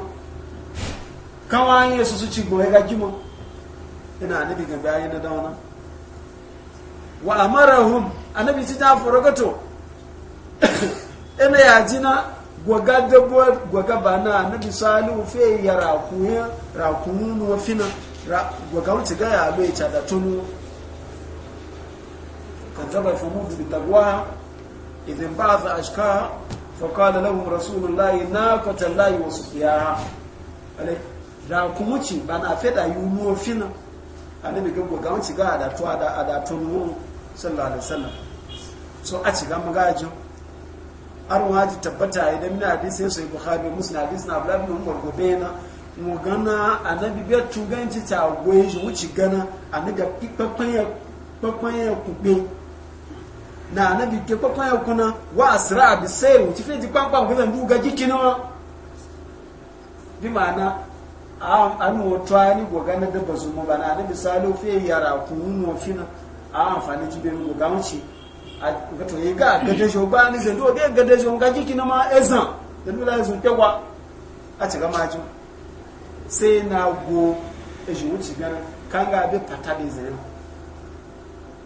kawo an yi su su ci goye ga gima ina e nabi ga bayan na dauna wa amara hun annabi ci ta forogato ina <coughs> yajina gwaga dabo gwaga bana na misali fe ya rakuye rakunu no fina gwaga wuce ga ya lo icha da tunu kadzaba fa mudu bi tagwa idan ba'atha ashka fa qala lahum rasulullahi naqatallahi wa suqiyaha ale rakumuci bana feda yuno fina annabi ga gwaga wuce ga da tuwa da da tunu sallallahu alaihi wasallam so a ci ga magajin har waji tabbata idan mina hadisi sai bukhari muslim hadisi na abdullahi ibn umar gobe na mu gana annabi bai tuganci ta goyi shi wuci gana annabi kpakpan ya kpakpan ya kube na annabi ke kpakpan ya kuna wa asra bi sai wuci fe ji kpakpan ko zan duga jiki na bi ma'ana an wata ni goga na da bazu mu bana annabi salo fe yara kunu mu fina a amfani jibe mu goga wuci to yi ga gada shi ba ni zai doge gada shi ga jiki na ma ezan da nuna su kyawa a ci gama sai na go da shi wuce gana kan ga bi fata da zai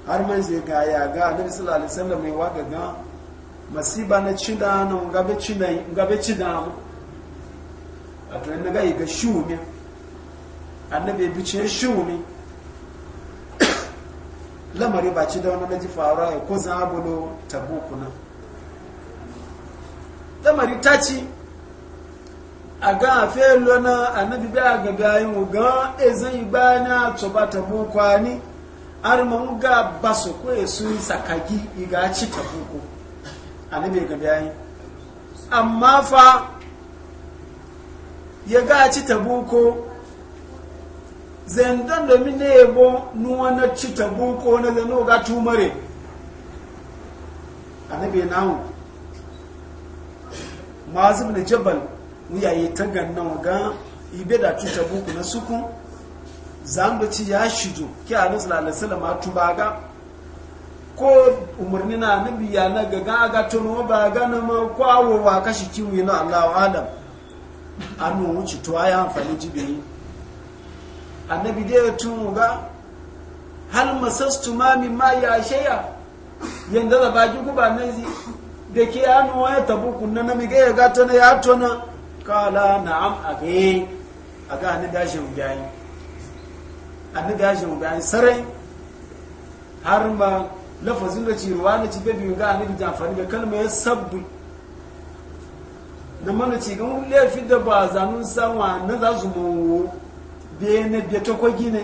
har man zai ga ya ga da sallallahu alaihi wasallam mai waga ga masiba na cida na ngabe cida ngabe cida a to na ga yi ga shumi annabi bi ce shumi lamari ba ci da wani na ji faruwa ya ko zan abulo tabuku nan lamari ta ci a ga a felo na annabi bi a ga mu ga e zan yi bana to ba tabuku ani har mu ga basu ko e sun sakagi ga ci tabuku annabi ga bayan amma fa ya ga ci tabuku zendan da mine yabo nuwa na cita buko na zano ga tumare annabi nawo mazim na jabal wuyaye ta wa ga ibe da cita buko na suku zambo ci ya shido ki a nasu lalasala ma tuba ga ko umarni na annabi ya na ga ga ga tono ba ga na ma kwawo wa kashi kiwi na allahu adam anu wuce tuwa ya amfani jibiyi annabi dai tun ga hal masastu ma min ma ya shay'a yanda da baki guba nan zi da ke hannu ya tabu kunna na miga ya gata na ya tona kala na'am abe a ga ni dashin bayan anni dashin bayan sarai har ma lafazin da ciruwa na cibe biyu ga anni da amfani da kalma ya sabbi na mana ci ga mun lafi da ba zanun sanwa na za su mawo bene bieto ko gine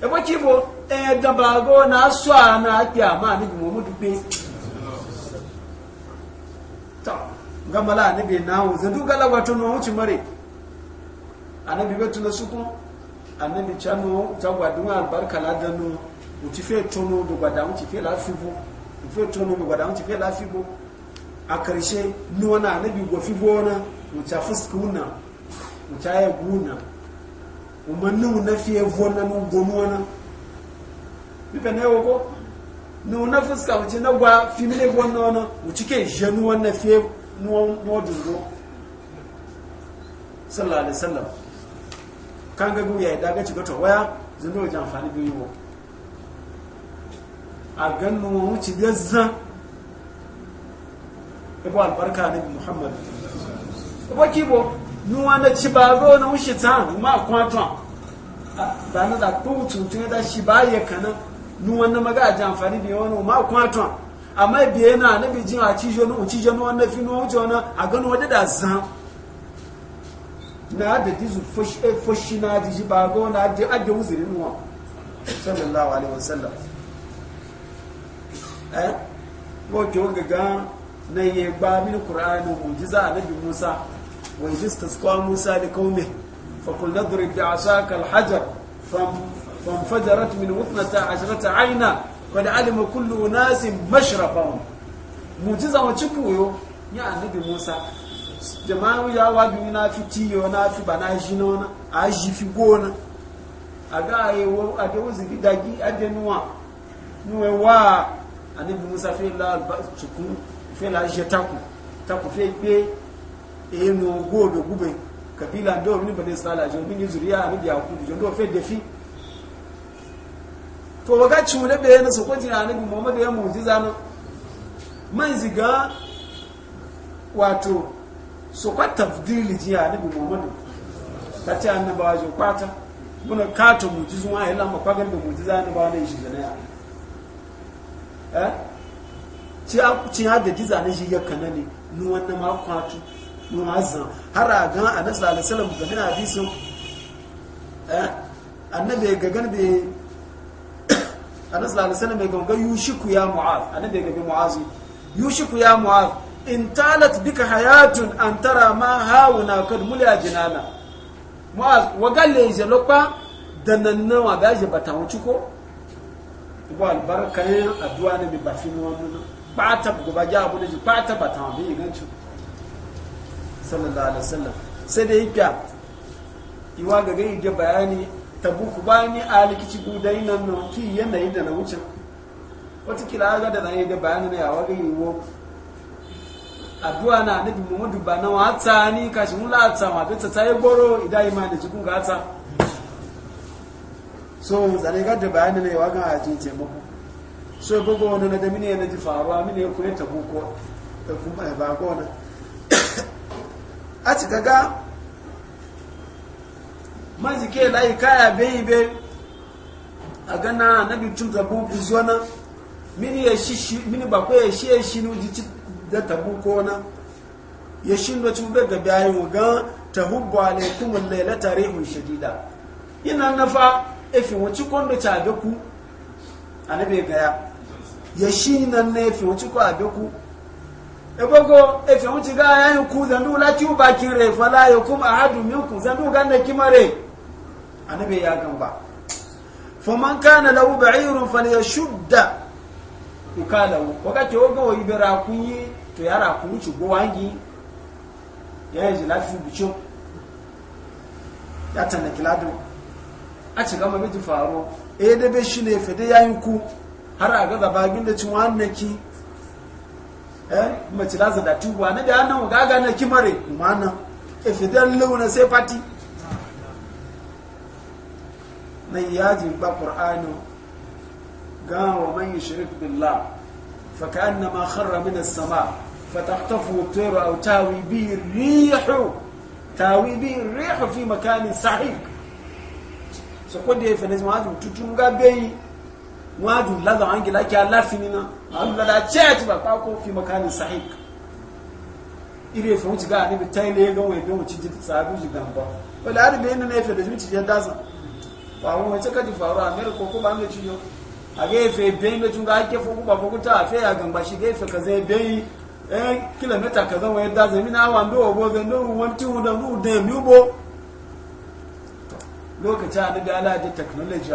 e bo kibo e daba na so na atia ma ni mu dupe ta gamala ne be na wo zadu gala wato no wuci mare anabi betu na suku anabi chano tagwa dun albarka la danu uti fe tono do gwada uti fe la fibo uti fe tono do gwada uti fe la fibo a karshe nuwana anabi go fibo na uta fuskuna uta ya guna umanu na fiye vona nu gonu wani bibe na yoko ko nu na fuska uchi na gwa fi vona wana uchi ke jenu wani fiye nuwa go sallallahu alaihi sallam kan ga guya ya daga cikin ta waya zai wajen amfani biyu yiwu a ganin wuce gazza ibu albarka na muhammadu ibu kibo nuwana cibaro na wushi ta ma kwatwa ah, Ba na da ko tuntun da shi ba ya kana na. maga ajan amfani da yawan ma kwatwa amma biye na na bijin a cijo no cijo no na fi no wuce na a gano wada da zan na da dizu fushi fushi na diji ba go na da adda uzirin wa sallallahu alaihi wasallam eh ko to ga na ye ba min qur'ani mujiza annabi musa wai fiska tsawon musa da kome fakuldar a asa hajar. famfajarat min mutunata ashirata aina kwada alima kullu nasin mashrafan mu ji zama ciki wuyo ya annabi musa jama'u ya wabi na fi tiyo na fi bana shi fi gona a ga'ayewa a ga wuzi gidagi a ga nuwa nuwa wa annabi musa fi la'alba cikin fi la'ajiyar taku taku fi e no go gube kabila ndo ni bane sala jo ni zuriya ni ya ku jo ndo fe defi to waga ne be na soko jina bi Muhammad ya mujiza no man ziga wato soko tafdili jiya ni Muhammad tace annabawa jo kwata muna kato mujizu wa ila kwagan da mujiza ne ba ne shi ne ya eh ci a ci ha da dizane shi ya ne ni wannan ma kwatu mu'azzam har a gan annabi sallallahu alaihi wasallam ga bin hadisin eh ga gan be annabi sallallahu alaihi wasallam ga gan yushiku ya mu'az annabi ga gan mu'az yushiku ya mu'az in talat bika hayatun an tara ma hauna kad mulya jinana mu'az wagalle je lokpa dananna wa baje batawuci ko ko albarkan addu'a ne bi bafi mu wannan ba ta gobaja abu ne ba ta batawa bi gancin sallallahu alaihi wasallam sai da yake iwa ga gai da bayani tabuku bayani a likici gudai nan nan ki yanayin da na wuce wata kila ga da zai da bayani ne yawa ga yiwo addu'a na nabi muhammadu ba na wata ni kashi mula ata ma ta tayi goro idan da cikin gata so zane ga da bayani ne yawa ga aje taimako so gogo wani na da mini yana ji faruwa mine ya tabu tabuku ta kuma ba gona a ci gaga mazike layi kaya bai be a gana na bitun tabu buzona mini ya shi mini ba ko ya shi ya shi nuji ci da tabu ko na ya shi nuji ba ga bayan ga tahubbu alaikum al-lailata rihun shadida ina nafa efi wuci kondo ta ku anabe ga ya ya shi nan na efi wuci ko abe ku ebogo efe wuce ga yayin ku zandu lati bakin re fala yakum ahadu minkum zandu ganna kimare annabi ya gamba faman kana lahu ba'irun falyashudda ukalahu wakati ogo ibera kunyi to yara ku wuce go wangi ya yi lafi bicho ya tanna kilado a ci gama bi faro eh da be shi ne fede yayin ku har a ga zabagin da cin wannan ki eh mace da da tubu a da nan ga ga na kimare kuma nan ifidan e, launa sai fati na yaji ba qur'ano ga wa man yushrik billah fa ka'annama kharra min as-sama fatahtafu at-tayru aw tawi bi ar tawi bi ar fi makanin sahih so ko da yafi ne ma tutun ga bai waju laza wangi laki alafinina Allah ah. la chat ba ta ko fi makanin sahih ire fa wuci ga ni bitai ne ga wai don wuci jita sabu ji gamba wala ari be ne ne fe da zuci ya dasa ba mu wace kaji faru a mer ko kuma ne ciyo a ga fe be ne tun ga ke fo kuma ko ta fe ya gamba shi ga fe ka zai be eh kilomita kaza wai dasa mina wa ndo obo ga ndo wanti hu da mu da mi ubo lokacin da ala da technology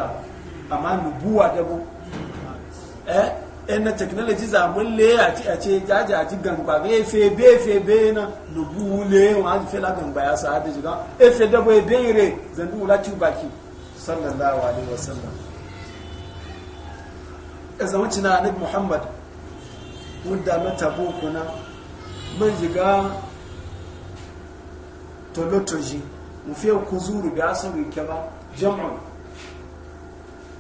amma nubuwa dabo eh en eh, na technology za mun le a ci a ce jaji a ci gangba ga efe be efe be na nubu le wa ji fela gangba ya sa da jiga efe dabo e ben re zan la ci baki sallallahu alaihi wasallam azan e ci na annabi muhammad wanda mata boko na mun jiga tolotoji mu fiye kuzuru da asiri kaba jam'un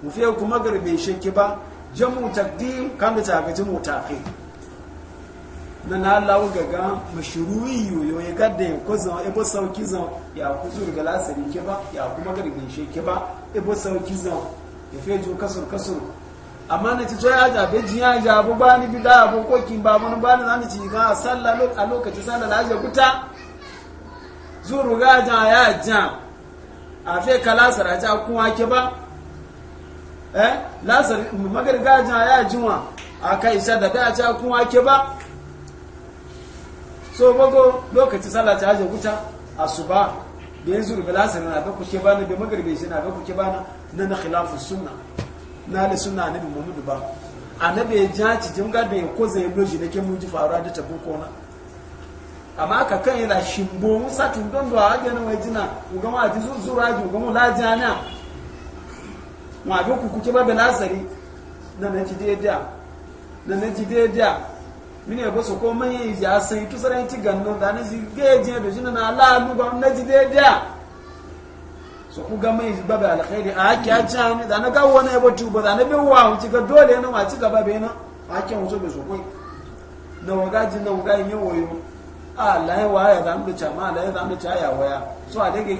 mufiye kuma garbe shinki ba jan takdim kan da ta jamu ta'khir na na Allah gaga yi yoyo ya gadda ya kuzo e bo sauki zan ya kuzo daga lasari ke ba ya kuma garbe shinki ba e sauki zan ya fe jo kasur kasur amma ne to ya jabe jiya ya bu ba ni bida abu ko kin ba mun ba ni zan ci ga sallah a lokacin sallah laje kuta zuru ga ja ya ja a fe kalasara ja kun ke ba eh lasar magargajiya ya jinwa a kai sha da ta ci kun ake ba so bago lokaci sallah ta haje wuta asuba da yanzu rubi lasar na ba kuke bana da magarbe shi na ba kuke bana na na khilafu na da sunna annabi muhammadu ba annabi na ja ci jinga da ya ko zai na ke ji faruwa da tabuko na amma ka kan yana shimbo musa tun da a ga wajina ga ma ji zuzura ji ga wọn àbí òkùnkùn tí ó na bẹ lásìrí nana ti déédéà nana ti déédéà mini ẹ̀bọ́ sọ̀kọ́ mẹ́yẹ ìyá sẹ́yìn tó sẹ́rẹ́ ti gànà dáná sí géèjì ẹ̀dọ̀ na nana aláàánú bá nana ti déédéà sọ̀kú ga mẹ́yẹ ìgbà bẹ ya àákẹ́ ajá ni dáná ká wọ́n náà ẹ̀bọ́ tí ó bọ̀ dáná bí na àwọn ti ga dóòlì ẹ̀nà wọ́n ya gàbà bẹ́ẹ̀ ná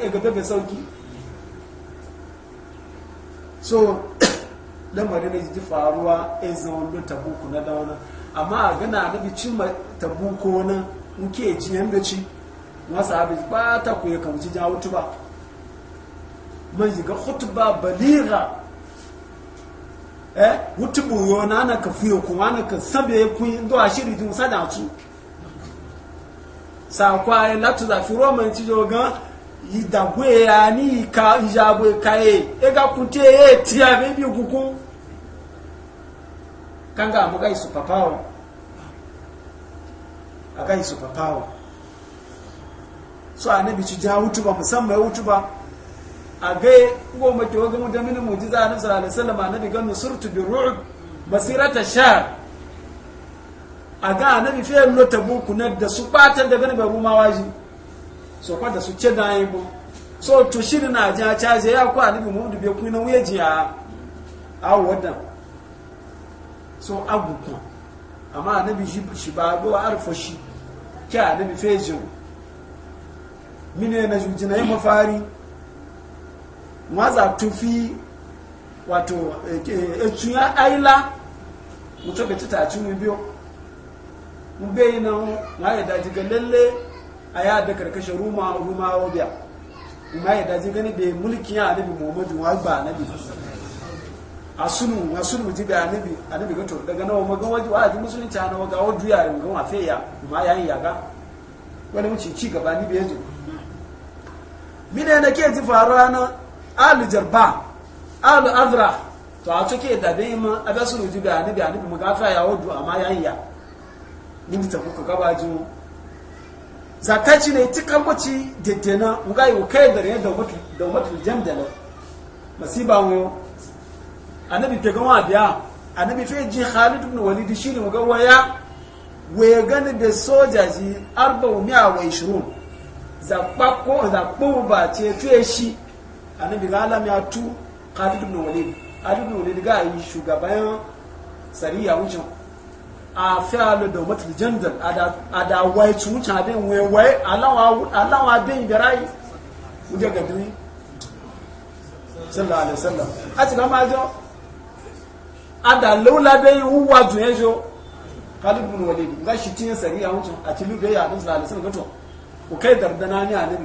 na na so so <coughs> lamarin da ji faruwa ya zama don tabuku na dauna amma a gana bi cin tabuku wani nke ji yanda ci masu abin ba ta kuwa ji ja wutu ba man shiga hutuba baliga eh wutu yo na na ka fiye kuma na ka sabe kun do a shiri tun sada su sa kwa latu da fi roman ci jogan idagwe ya ni ka ijabwe kaye ega kute ye tia bibi ukuku kanga amuga papao aga yi papao so ane ci ja hutuba musamman ya hutuba a ga goma ke waga mutum mini mujiza anabi sallallahu alaihi wasallam anabi ga nusurtu bi ru'b basirata sha a ane anabi fiye lota buku na da su batar da gani bai rumawa waji so da su ce da bu so to shi na ja caje ya kwa ni mu dube ku na wuye jiya a wadan so aguku amma annabi shi shi ba go arfa shi ke annabi fejo mine na jujina yi mafari mwaza tufi wato etuya e, aila mutobe tita biyo mu be na mu ma ya daji ga lalle a ya da karkashin ruma ruma wabiya ma ya daji gani bai mulkin ya anabi muhammadu wa ba anabi a sunu a sunu mutu da anabi anabi gato daga nawa maga waje wa ji musulunci na waga wadu ya ringa wa feya kuma ya yi yaga wani wuce ci gaba ni bai zo mine na ke ji faruwa na alu jarba alu azra to a cike da bai ma a da sunu mutu da anabi anabi magafa ya wadu ma ya yi ya ni ta kuka zakaci ne ti kambaci dedena nga yi kai da ne da jam da mutu jamdala masiba mu annabi te gama biya annabi fe ji na wani da shi ne ga waya waya gani da sojaji 420 za kwako za ba ce tuye shi annabi ga alam ya tu halittu na wani Khalid ibn Walid ga yi shugaban sariya wucin a fi'alu da matul jandal a da wai cuta abin wai wai alawa abin birayi wuje ga duni sallallahu alaihi wasallam a ti kama jo a da laula bai wuwa juye jo khalid bin walid <coughs> ga shi tin a kai dardana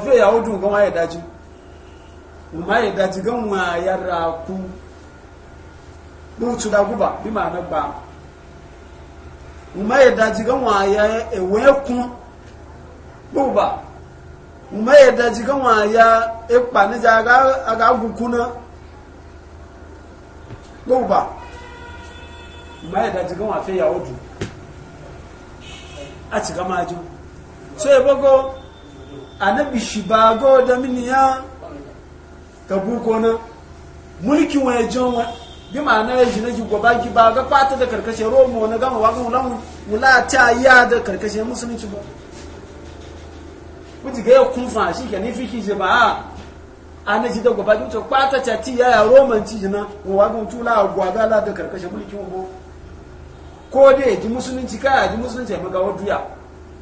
ko ya daji ma ya gaji gan wa ya raku mutu da guba bi ma na ba ma ya daji gan wa ya ewe kun guba ma ya daji gan wa ya ipa ni ja aga aga gukuna guba ma ya daji gan wa fe ya odu a ci gama ju so ya bago anabi shi bago da miniya tabu ko mulki wa ya wa bi ma'ana ya jina ji gaba ki ba ga fata da karkashin roma na gama wa ga mula ta ya da karkashin musulunci ba kuti ga ya kunfa shi ke nufi ki ji ba a a na ji da gaba ki wuce fata ta ti ya ya roman ci jina wa ga tula gwaga la da karkashin mulki wa ko dai ji musulunci ka ya ji musulunci ya maga waduya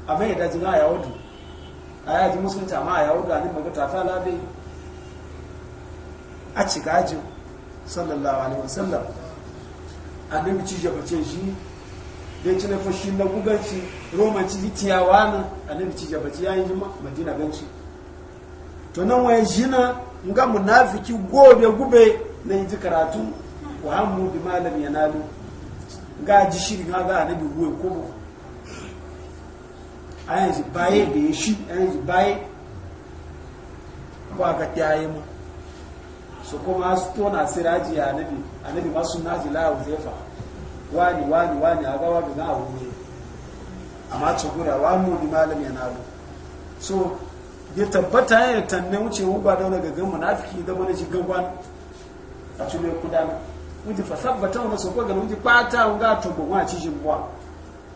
amma ya daji na ya wadu a ya ji musulunci amma ya wadu a ne maga tafa labe a cika ajin sallallahu alaihi wasallam annabi ci jaba ce shi dai ci na fashi na guganci roma ci tiyawa nan annabi ci jaba ce yayin madina ganci to nan waye jina nga munafiki gobe gube na yi karatu wa hamu bi malam yanalu ga ji shiri ga ga annabi gobe kobo ayan ji baye da shi ayan ji baye ba ga tayi mu su kuma su tona siraji a nabi a nabi masu naji la uzefa wani wani wani a gawa bi na abu ne a mace gura wa mu ni malam ya lu so ya tabbata ya tanne wuce wuba da wani gaggan munafiki da wani shigagwan a cikin kudan wuce fa sabbata wani sokwa ga wuce kwata wuga tobo wa ci buwa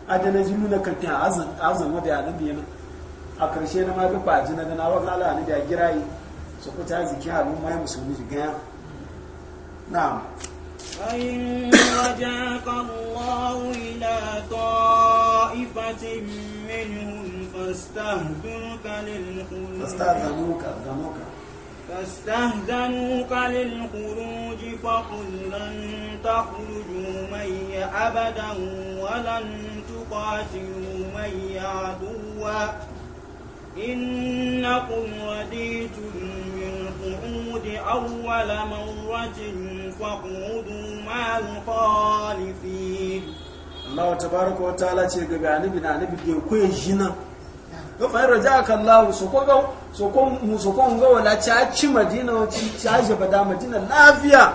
a dana ji nuna kafin azan azan wa da nabi yana a karshe na ma bi kwaji na da na wa lala ne da girayi sokuta ziki ha mun mai musulmi ga ya na'am ayin waja qallahu ila ta'ifatin minhum fastahduka lil khuruj fastahduka gamuka فاستهزنوك للخروج فقل لن تخرجوا مي أبدا ولن تقاتلوا مي عدوا إنكم رديتم بالقعود أول مرة فاقعدوا مع الخالفين Allah tabaraka wa ta'ala ce ga annabi na annabi ke to fa raja ka Allah so ko ga so ko mu so ko ga wala a ci Madina ci cha bada Madina lafiya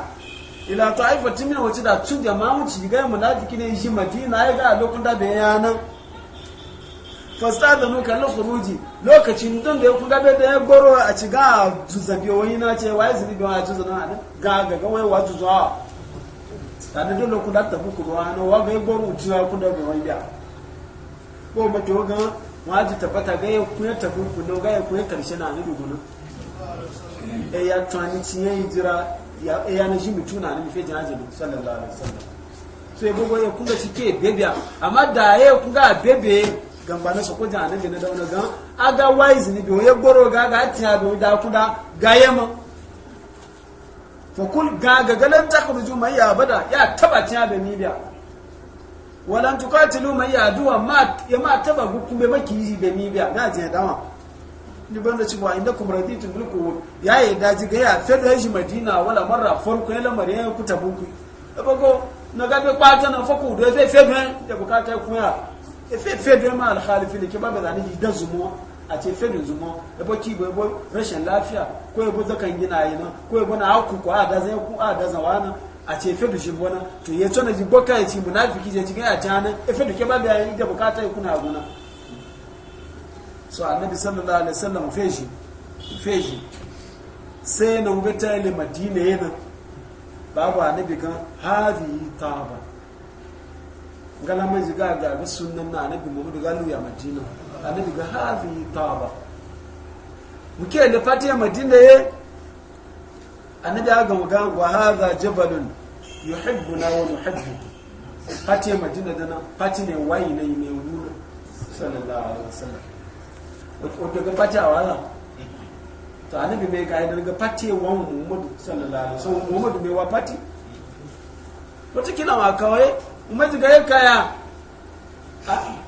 ila ta'ifatin min wata da tun jama'a ci ga mu na dikine shi Madina ai ga lokun da bayanan fastadanu kan khuruji lokacin don da ya kuga bai da goro a ci ga zuzabe yi na ce wai zubi ba ci zana ga ga ga wai wato zuwa ta da dole ku da ta ku ba na wa ga goro ci ku da ba wani da ko ba to ga waji fata ga ya ku ta tafi ku da ga ya ku ya karshe na ni na hmm. eh ya tani ci ya jira ya ya na shi na ni fe jinaje sallallahu alaihi wasallam sai gogo ya kunga ke bebe amma da ya kunga bebe gamba na soko jana jina da wani gan aga wise ni ya goro ga ga da kuda ga yamma fakul ga ga galan ta mai ya ya taba da ni biya walan tilu mai ya ma ya ma taba gukumbe maki yi da ni biya na je dawa ni banda ci wa inda kuma raditu bulku ya yi daji ga ya da shi madina wala marra farko ya lamar ya kuta buku e bago na kwata na fako da zai fedwa da bukata kuya efe fedun ma alkhalifi ne ke ba ba zane gidan zumo a ce fedun zumo yabo e kibo yabo e rashin lafiya ko yabo e zakan gina yi nan ko yabo na haku ko a dazan ku a dazan wani a ce fedun shi bona to ya tona ji boka ya ci munafiki je cikin a tana efe duke ba da yi da bukata kuna guna so annabi sallallahu alaihi wasallam feji feji sai na wuga ta ile madina yana babu annabi kan hadhi taba gala mai ziga ga ga sunan na annabi da galu ya madina annabi ga hafi taba muke da ya madina ye annabi ga ga wa hadha jabalun yuhibbuna wa nuhibbu ya madina dana fati ne wayi ne ne wuri sallallahu alaihi wasallam wato daga a wala to annabi mai ga daga fatiya wa muhammadu sallallahu alaihi wasallam muhammadu mai wa fati wata kina ma kawai umaji ga yaka ya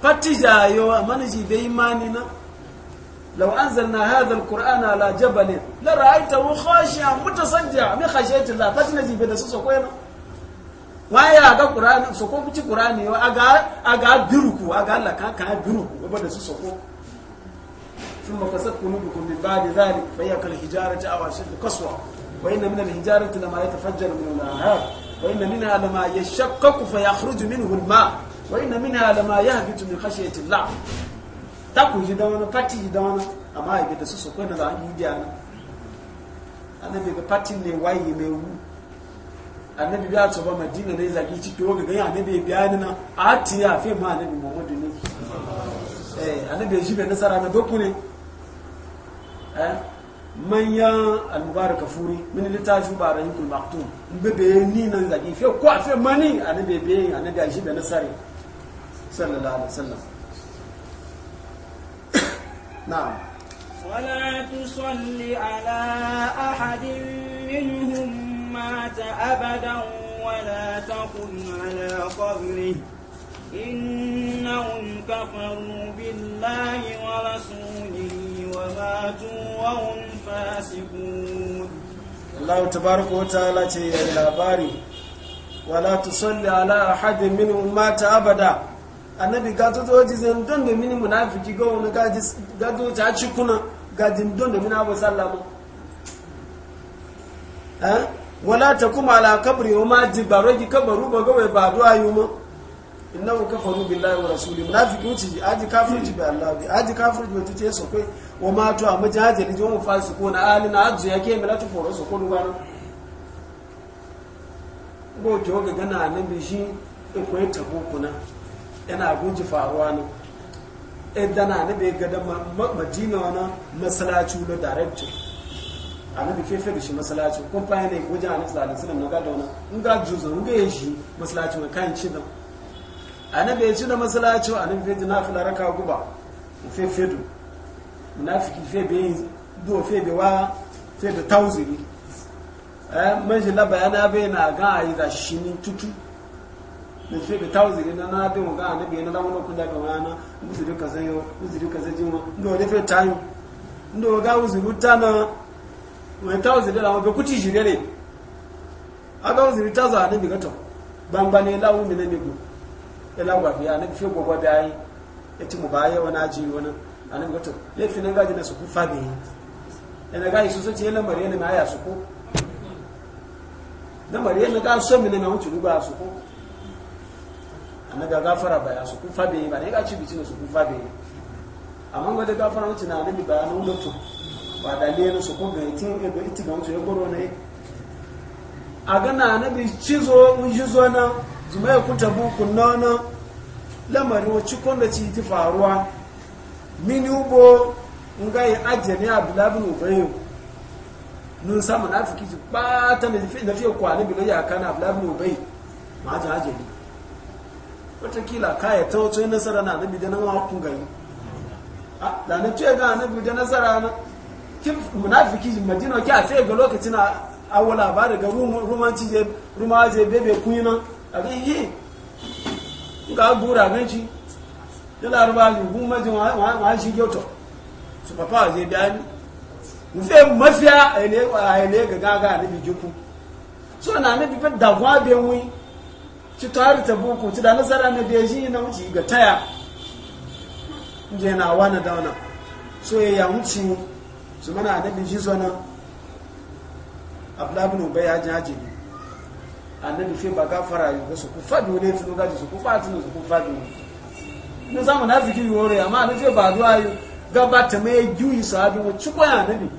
fatija yo amana ji bai imani na law anzalna hadha alqur'ana ala jabalin la ra'aytahu khashi'an mutasaddian min khashyati allah fatina ji bai da so koyana waya ga qur'ani so ko kuci qur'ani yo aga aga biruku aga allah ka ka biruku ba da su so ko ثم قست قلوبكم من بعد ذلك فهي كالحجارة أو أشد قسوة وإن من الحجارة لما يتفجر من الأنهار وإن منها لما يشقق فيخرج منه الماء وإن منها لما يهبط من خشية الله taku ji da wani fati ji da wani amma ya da su su kwai da za a yi da ana annabi ga fatin ne waye mai wu annabi biya ta ba madina ne zagi ciki wani ga annabi biya ni na a hatti ya fi ma annabi muhammadu ne eh annabi ya ji bai nasara na doku ne eh manyan almubarak kafuri min ba baran yin maktum be be ni nan zaki fe ko fe mani an be be an na shi da nasari sallallahu alaihi wasallam <coughs> na'am ولا تصل على أحد منهم مات أبدا ولا تقم على قبره إنهم كفروا بالله ورسوله وماتوا وهم فاسقون الله تبارك وتعالى يا لاباري ولا تصلي على أحد منهم مات abada annabi ga to to ji zan don da mini munafiki ga wani ga ga to ta ci kuna ga din don da mini abu sallama eh wala takum ala kabri wa ma jibarogi kabaru ba ga wai ba yi yuma innahu kafaru billahi wa rasuli munafiqun uci aji kafirci bi Allah bi aji kafirci bi tuce so kai wa ma to amma jahili jo mu fasu ko na ali na azu yake mi latu foro so ko duwa go to ga gana nan bi shi ko ya tabo kuna yana guji faruwa ne e na ne be ga da madina wana masalacu da director annabi ke fere shi masalacu. ko fa ne ko jahili sallallahu alaihi wasallam na ga da wana in ga juzo in ga shi masalaci mai kan ci da annabi ya ci da masalacin annabi fetu na fula raka guba fe fetu munafiki fe be do fe be wa fe be tauziri eh manje la bayana be na ga ayi da shini tutu da fe be tauziri na na be mu ga annabi na lawo ku da gawana uzuri kaza yo uzuri kaza jima ndo ne fe tayo ndo ga uzuri na wa tauziri la be kuti jirele aga uzuri tazo annabi gato bambane lawu mi ne ne ila gwa biya ne fi da yi ya ci mu ba yawa na ji wani anan gato ya fi nan gaji na su ku fabe ina gaji su sun ce yana mariya na maya su ku na mariya na ga so mina na wuce duba su ku ana ga gafara ba ya su ku fabe ba ne ga ci bici na su ku fabe amma ga gafara wuce na annabi ba na wuce ba da ne su ku ga itin ga itin ga wuce ya goro ne a gana annabi cizo mun jizo na zuma ya kuta bukun nana lamarin wacce kwanda ci ti faruwa mini ubo nga yi ajiye ne abulabin ubayin nun samu na fi kiji bata na fi na fi kwani bilo ya kana abulabin ubayin ma ajiye ajiye ne watakila kaya ta wato nasara na nabi da nan hakun gari da na tuye ga nabi da nasara na kin munafiki madina ki a sai ga lokacin awwala ba daga rumanci je rumaje bebe kuyinan abin he ga bura gan ci da laraba su gun majin wa shi gyauta su papa zai dani nfe mafiya a a ne ne ga gaga na bijiku so na na bibe da wa be wi ci tare ta buku ci da nasara na be shi na wuci ga taya je na wana da wana so ya wuci su mana na biji zona abdullahi bin ubay ya jaje annabi fi ba gafara yi da su ku fadu ne tunu gaji su ku fatu ne su ku fadu ne ni zamu na zikiri wore amma ne fi ba zuwa yi gabata mai juyi sahabi mu ci koya annabi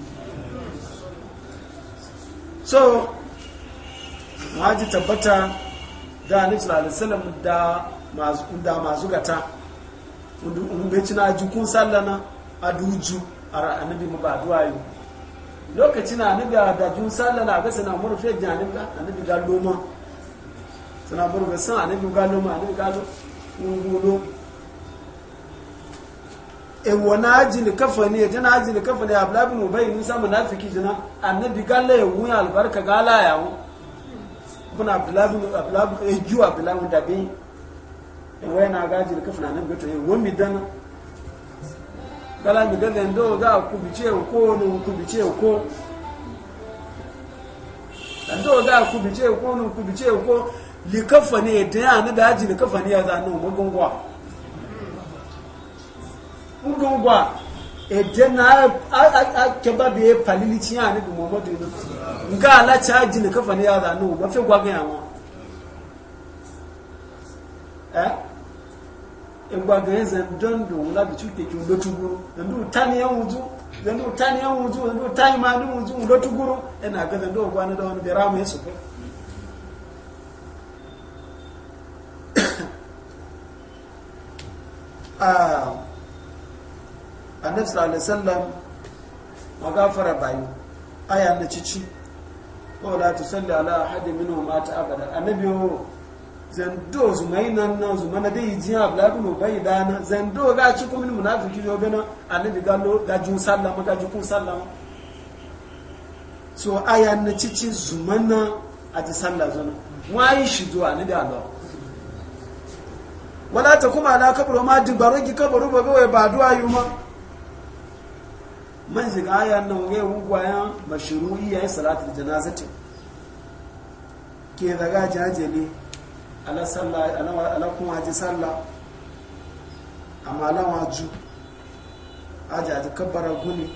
so haji tabbata da ni sallallahu alaihi wasallam da masu da masu gata mun bai ci na ji kun sallana aduju annabi mu ba zuwa yi lokacin annabi a dajun sallana ga sana murfe a annabi ga loma suna buru ga san anabi galo ma anabi galo ngulo e wana ajin kafani ya jana ajin kafani abla ibn ubay musa munafiki jina annabi galla ya wuya albarka gala ya wu kuna abla mu, abla e ju abla mu dabi e ni gajin kafani annabi to e mi dana gala mi dana ndo ga ku bice ko no ku bice ko ndo ga ku bice ko no ku bice ko likafa ne ta ya ni da haji likafa ne ya zanu mugungwa mugungwa ede na akeba be palili ci ya ni bi muhammadu ne nga ala ci haji likafa ne ya zanu mafi gwaga ya ma eh egwaga ya zan don do wula bi cuke ki wulo tuguru yanzu tani ya wuzu yanzu tani ya wuzu yanzu tani ma ni wuzu wulo tuguru ina ga zan do gwana da wani bera mu ya sukai annabi sallallahu alaihi wasallam wa gafara bayu aya na cici ko la salli ala ahad minu mata abada annabi yo zando zumai nan nan zuma na dai jin abla bin da na, zando ga ci kuma munafiki yo bena annabi gallo ga jun sallama ga jun sallama so aya na cici na, a ti sallah zona yi shi zuwa ni da Allah wala ta kuma ala kabaro ma dubaro ki kabaro ba gawai ba duwa yi ma man shiga aya nan ga yawon kwayan mashiru'i ya yi salatul janazatin ke daga ne ala kuma haji sallah amma ala waju aji aji kabara guni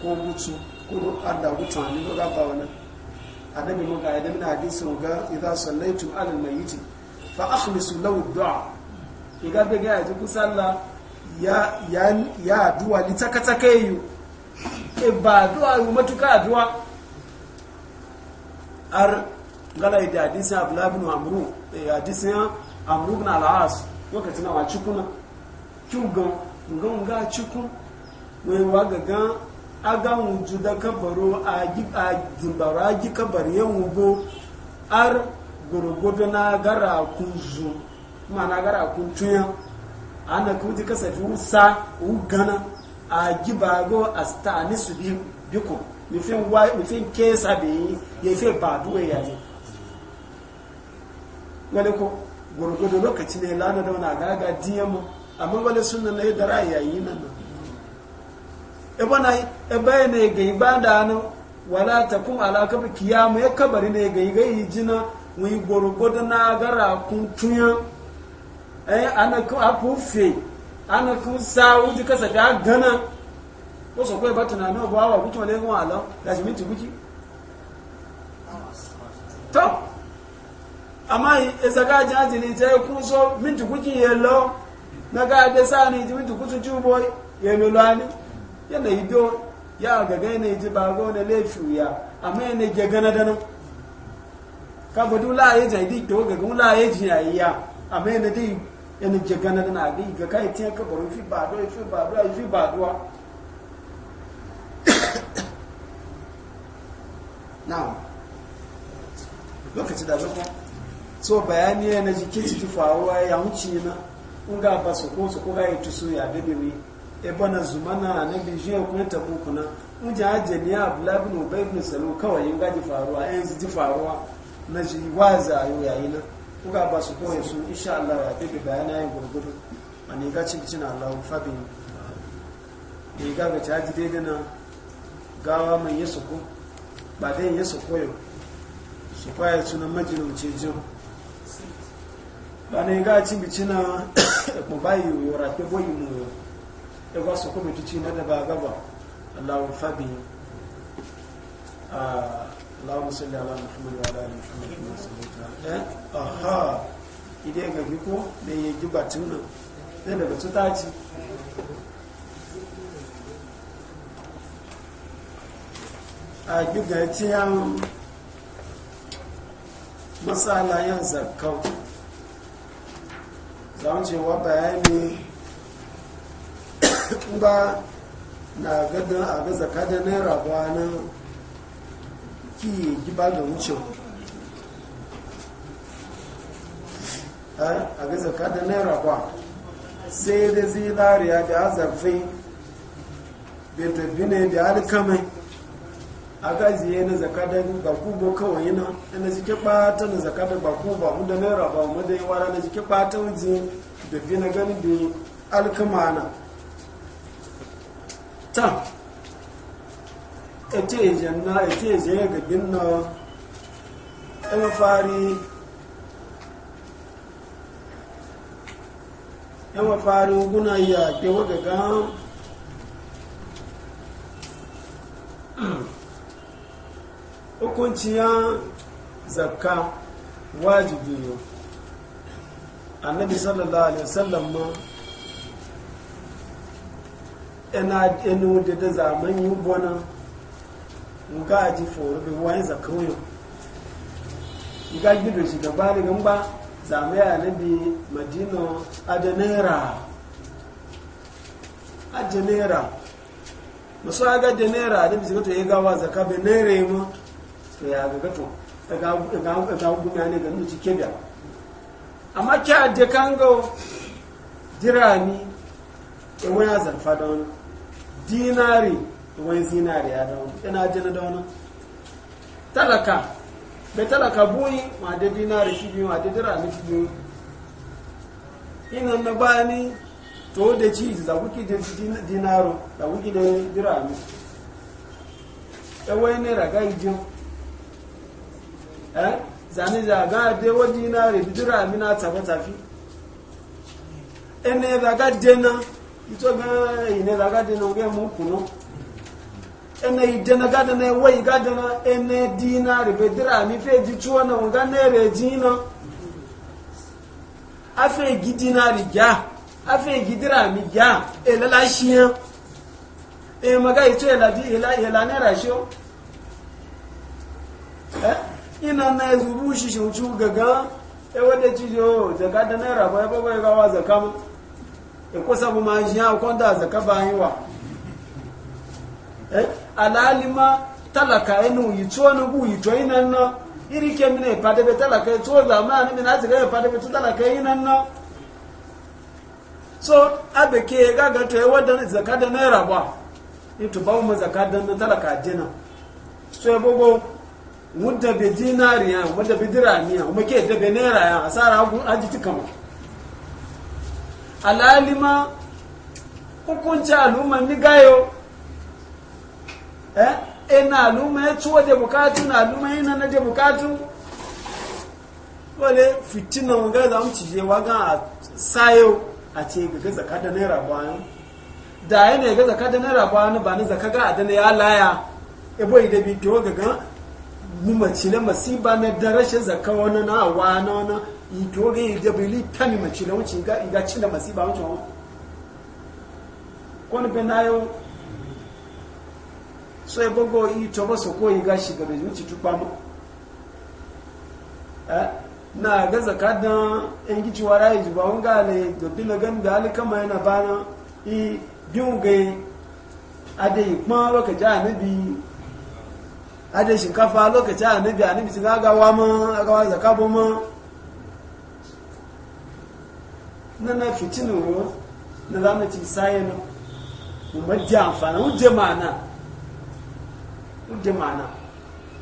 ko mutu ko adda gutu ne ga ba wannan adami mun ga idan na hadisi ga idan sallaitu alal mayyit fa akhlisu lahu du'a iga bege ya ji kusalla ya ya ya aduwa ni takataka yi e ba aduwa yi matuka aduwa ar gala da hadisi abdullah bin amru eh hadisi ya amru bin al-as lokacin wa cikuna kyugan ngan ga cikun wai wa gaga aga wuju da kabaro a gi a gimbaro a gi kabar yan wubo ar gorogodo na gara kunzu mana gara kun tuya ana kuji kasafi usa ugana a gibago su bi biko mifin wa mifin kesa bi yefe baduwe yaje wani ko gurgudu lokaci ne lana da wani gaga diyamu amma wani suna na yi dara yayi nan ibana e ibai e ne ga iba da nan wala ta kun alaka kiyama ya kabari ne ga iga yi jina mu yi gurgudu na gara kun eh ana ku afufe ana ku sa uji kasa da gana ko so ko ba tuna no ba wa kuto le ngwa lo da ji mitu kuji to amma ezaka jaji ni je ku so mitu kuji ye lo na ga de sa ni ji mitu kutu ju boy ye lo ani ye na do ya ga ga ne ji ba go ne le fu ya amma ne je gana dana ka bodu la ye je di to ga gun la ye ji ya ya amma ne di yana jagana na bi ga kai tiya ka baro fi ba do fi ba do fi ba do now lokaci da zuwa so bayani ne na jikin ci faruwa ya wuce na in ga ba su ko su ko ga yi tusu ya bebe wi e bana zumana na bi je ku ta ko na in ja ajani abdullah ibn ubay ibn salu kawai in ga ji faruwa yanzu ji faruwa na ji waza ayo yayi na kuka ba su koya su insha Allah ya fi bayana yin gurgudu a ne ga cikin cin Allah fadin ne ga ga caji ji daidai na gawa mai yi suku ba dai ya suko yau su kwaya sunan majalauce jin ba ne ga cikin cin na <coughs> bayi yau rafi boyi mu ya ba su kuma tuci na da ba gaba Allah fadin a ah, اللهم صل على محمد وعلى ال محمد كما صليت على اها ide ga biko da ya ji batun nan zai daga tuta ci a giga zakau cewa bayani ba na gadon a ga zaka da naira ba nan ki giba ga wuce a ga zaka da naira ba sai da zinariya da azarfe da ne da alkamai a ziye na zaka da bakubo kawai yana na jike bata na zaka da bakubo mu da naira ba mu da yawa na jike bata wuce da fi na gani da alkamana ta ete janna ete zai ga binna in fari yan mafari guna ya ke waga gan hukunciya zakka wajibi yau annabi sallallahu alaihi wasallam ma ina inu da da zaman bonan nga ji foro be wani za kauyo iga gido shi gaba ne gan ba zame ya nabi madino adenera adenera masu aga denera da bi zigato ya gawa zaka be nere mu to ya ga gato ga ga ga gumi ne ga nuci kebya amma kya de kango dirani e wani zarfa da wani dinari wani zinariya da wani ina jini da wani talaka bai talaka buyi ma da dinari shi biyu ma da dirami shi biyu ina na bani to da ci da wuki da dinaro da wuki da dirami ɗawai ne raga ijin eh zane zaga da wa dinari da dirami na tafi tafi ene raga dena ito ga ine raga dena ga mu kuno ene idena gada na wai gada na ene dina ribe dira mi fe ji tuwa na wanga ne re jina afe gidina ri ja afe gidira mi ja ele la shiya e maga ito e ela di ela ela ne ra sho eh ina na zubu shi shi uchu gaga e wada ji yo da gada na ra ba e ba e ga wa zakam e ko sabu ma jiya ko da zakaba yiwa eh alalima talaka enu yitso na bu yitso ina na iri ke mine pade be talaka to la ma ni mina zire pade be talaka ina na so ke ga ga to yawa da zakat da naira ba ito ba mu zakat da na talaka jina so bogo mudda be dinari ya mudda be dirami ya kuma ke da be naira ya asara aji tikama alalima hukunci al'umman ni gayo eh ina luma ya ciwo da bukatu na luma ina na da bukatu wale fitina wanga da mutu je wa a sayo a ce ga zaka da naira bayan da yana ga zaka da naira bayan ba ni zakar ga adana ya laya e boy da bi to ga mu mace na masiba na darashe zakar zaka wani na wa na wani i to ga da bi li tani mace na wuce ga ga cin da masiba wuce wani na yau. so ebogo ito ba soko yi gashi ga zuci tukpa mu na ga zakadan en gici wara yi ba won ga le do bila gan ga ali kama yana bana i biun ga ade ipon lokaci anabi ade shinkafa lokaci anabi anabi tin ga wa mu aga wa zakabo mu na na fitinu na zamu ci sayeno anfa na amfana mu je kuje ma'ana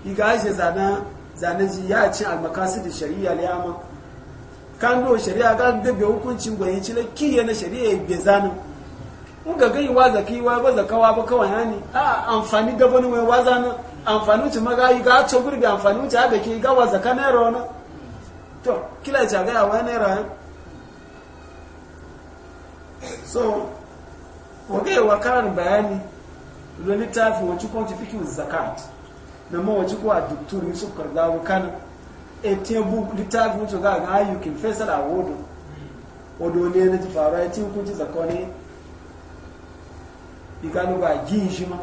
iga aisha zana zane ji ya cin da shari'a ne amma kan do shari'a ga dabe hukuncin gwaye ci na kiyaye na shari'a bai zanu in ga gani wa zaki wa ba zakawa ba kawai hani a amfani da bani wai wa zanu amfani ci maga yi ga to gurbi amfani ci aga ke ga wa zaka ne na to kila ci gaya wa na ran so gaya wa karar bayani da littafin wacce ko ci fikin zakat na ma wacce ko a duktur yusuf kardawu kan e tebu littafin wacce ga ga ah, ayyukin fesal a wodo wodo ne na faru ya ci hukunci zakone igano ba gin shi ma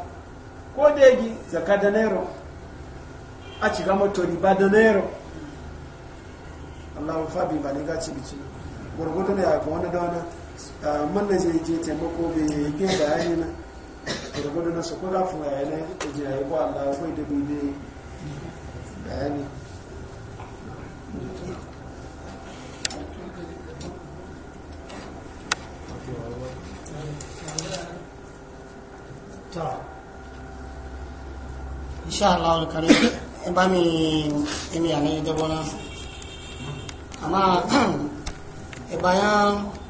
ko degi yagi zakat da naira a ci gama tori ba da naira allahu fabi ba ne ga ci bici gwargwado ne a ga wani da wani mun na je je taimako bai yi bayani na gwargwado na su ko da fun yaya na ne bayani ta insha ba mi emi <clears throat>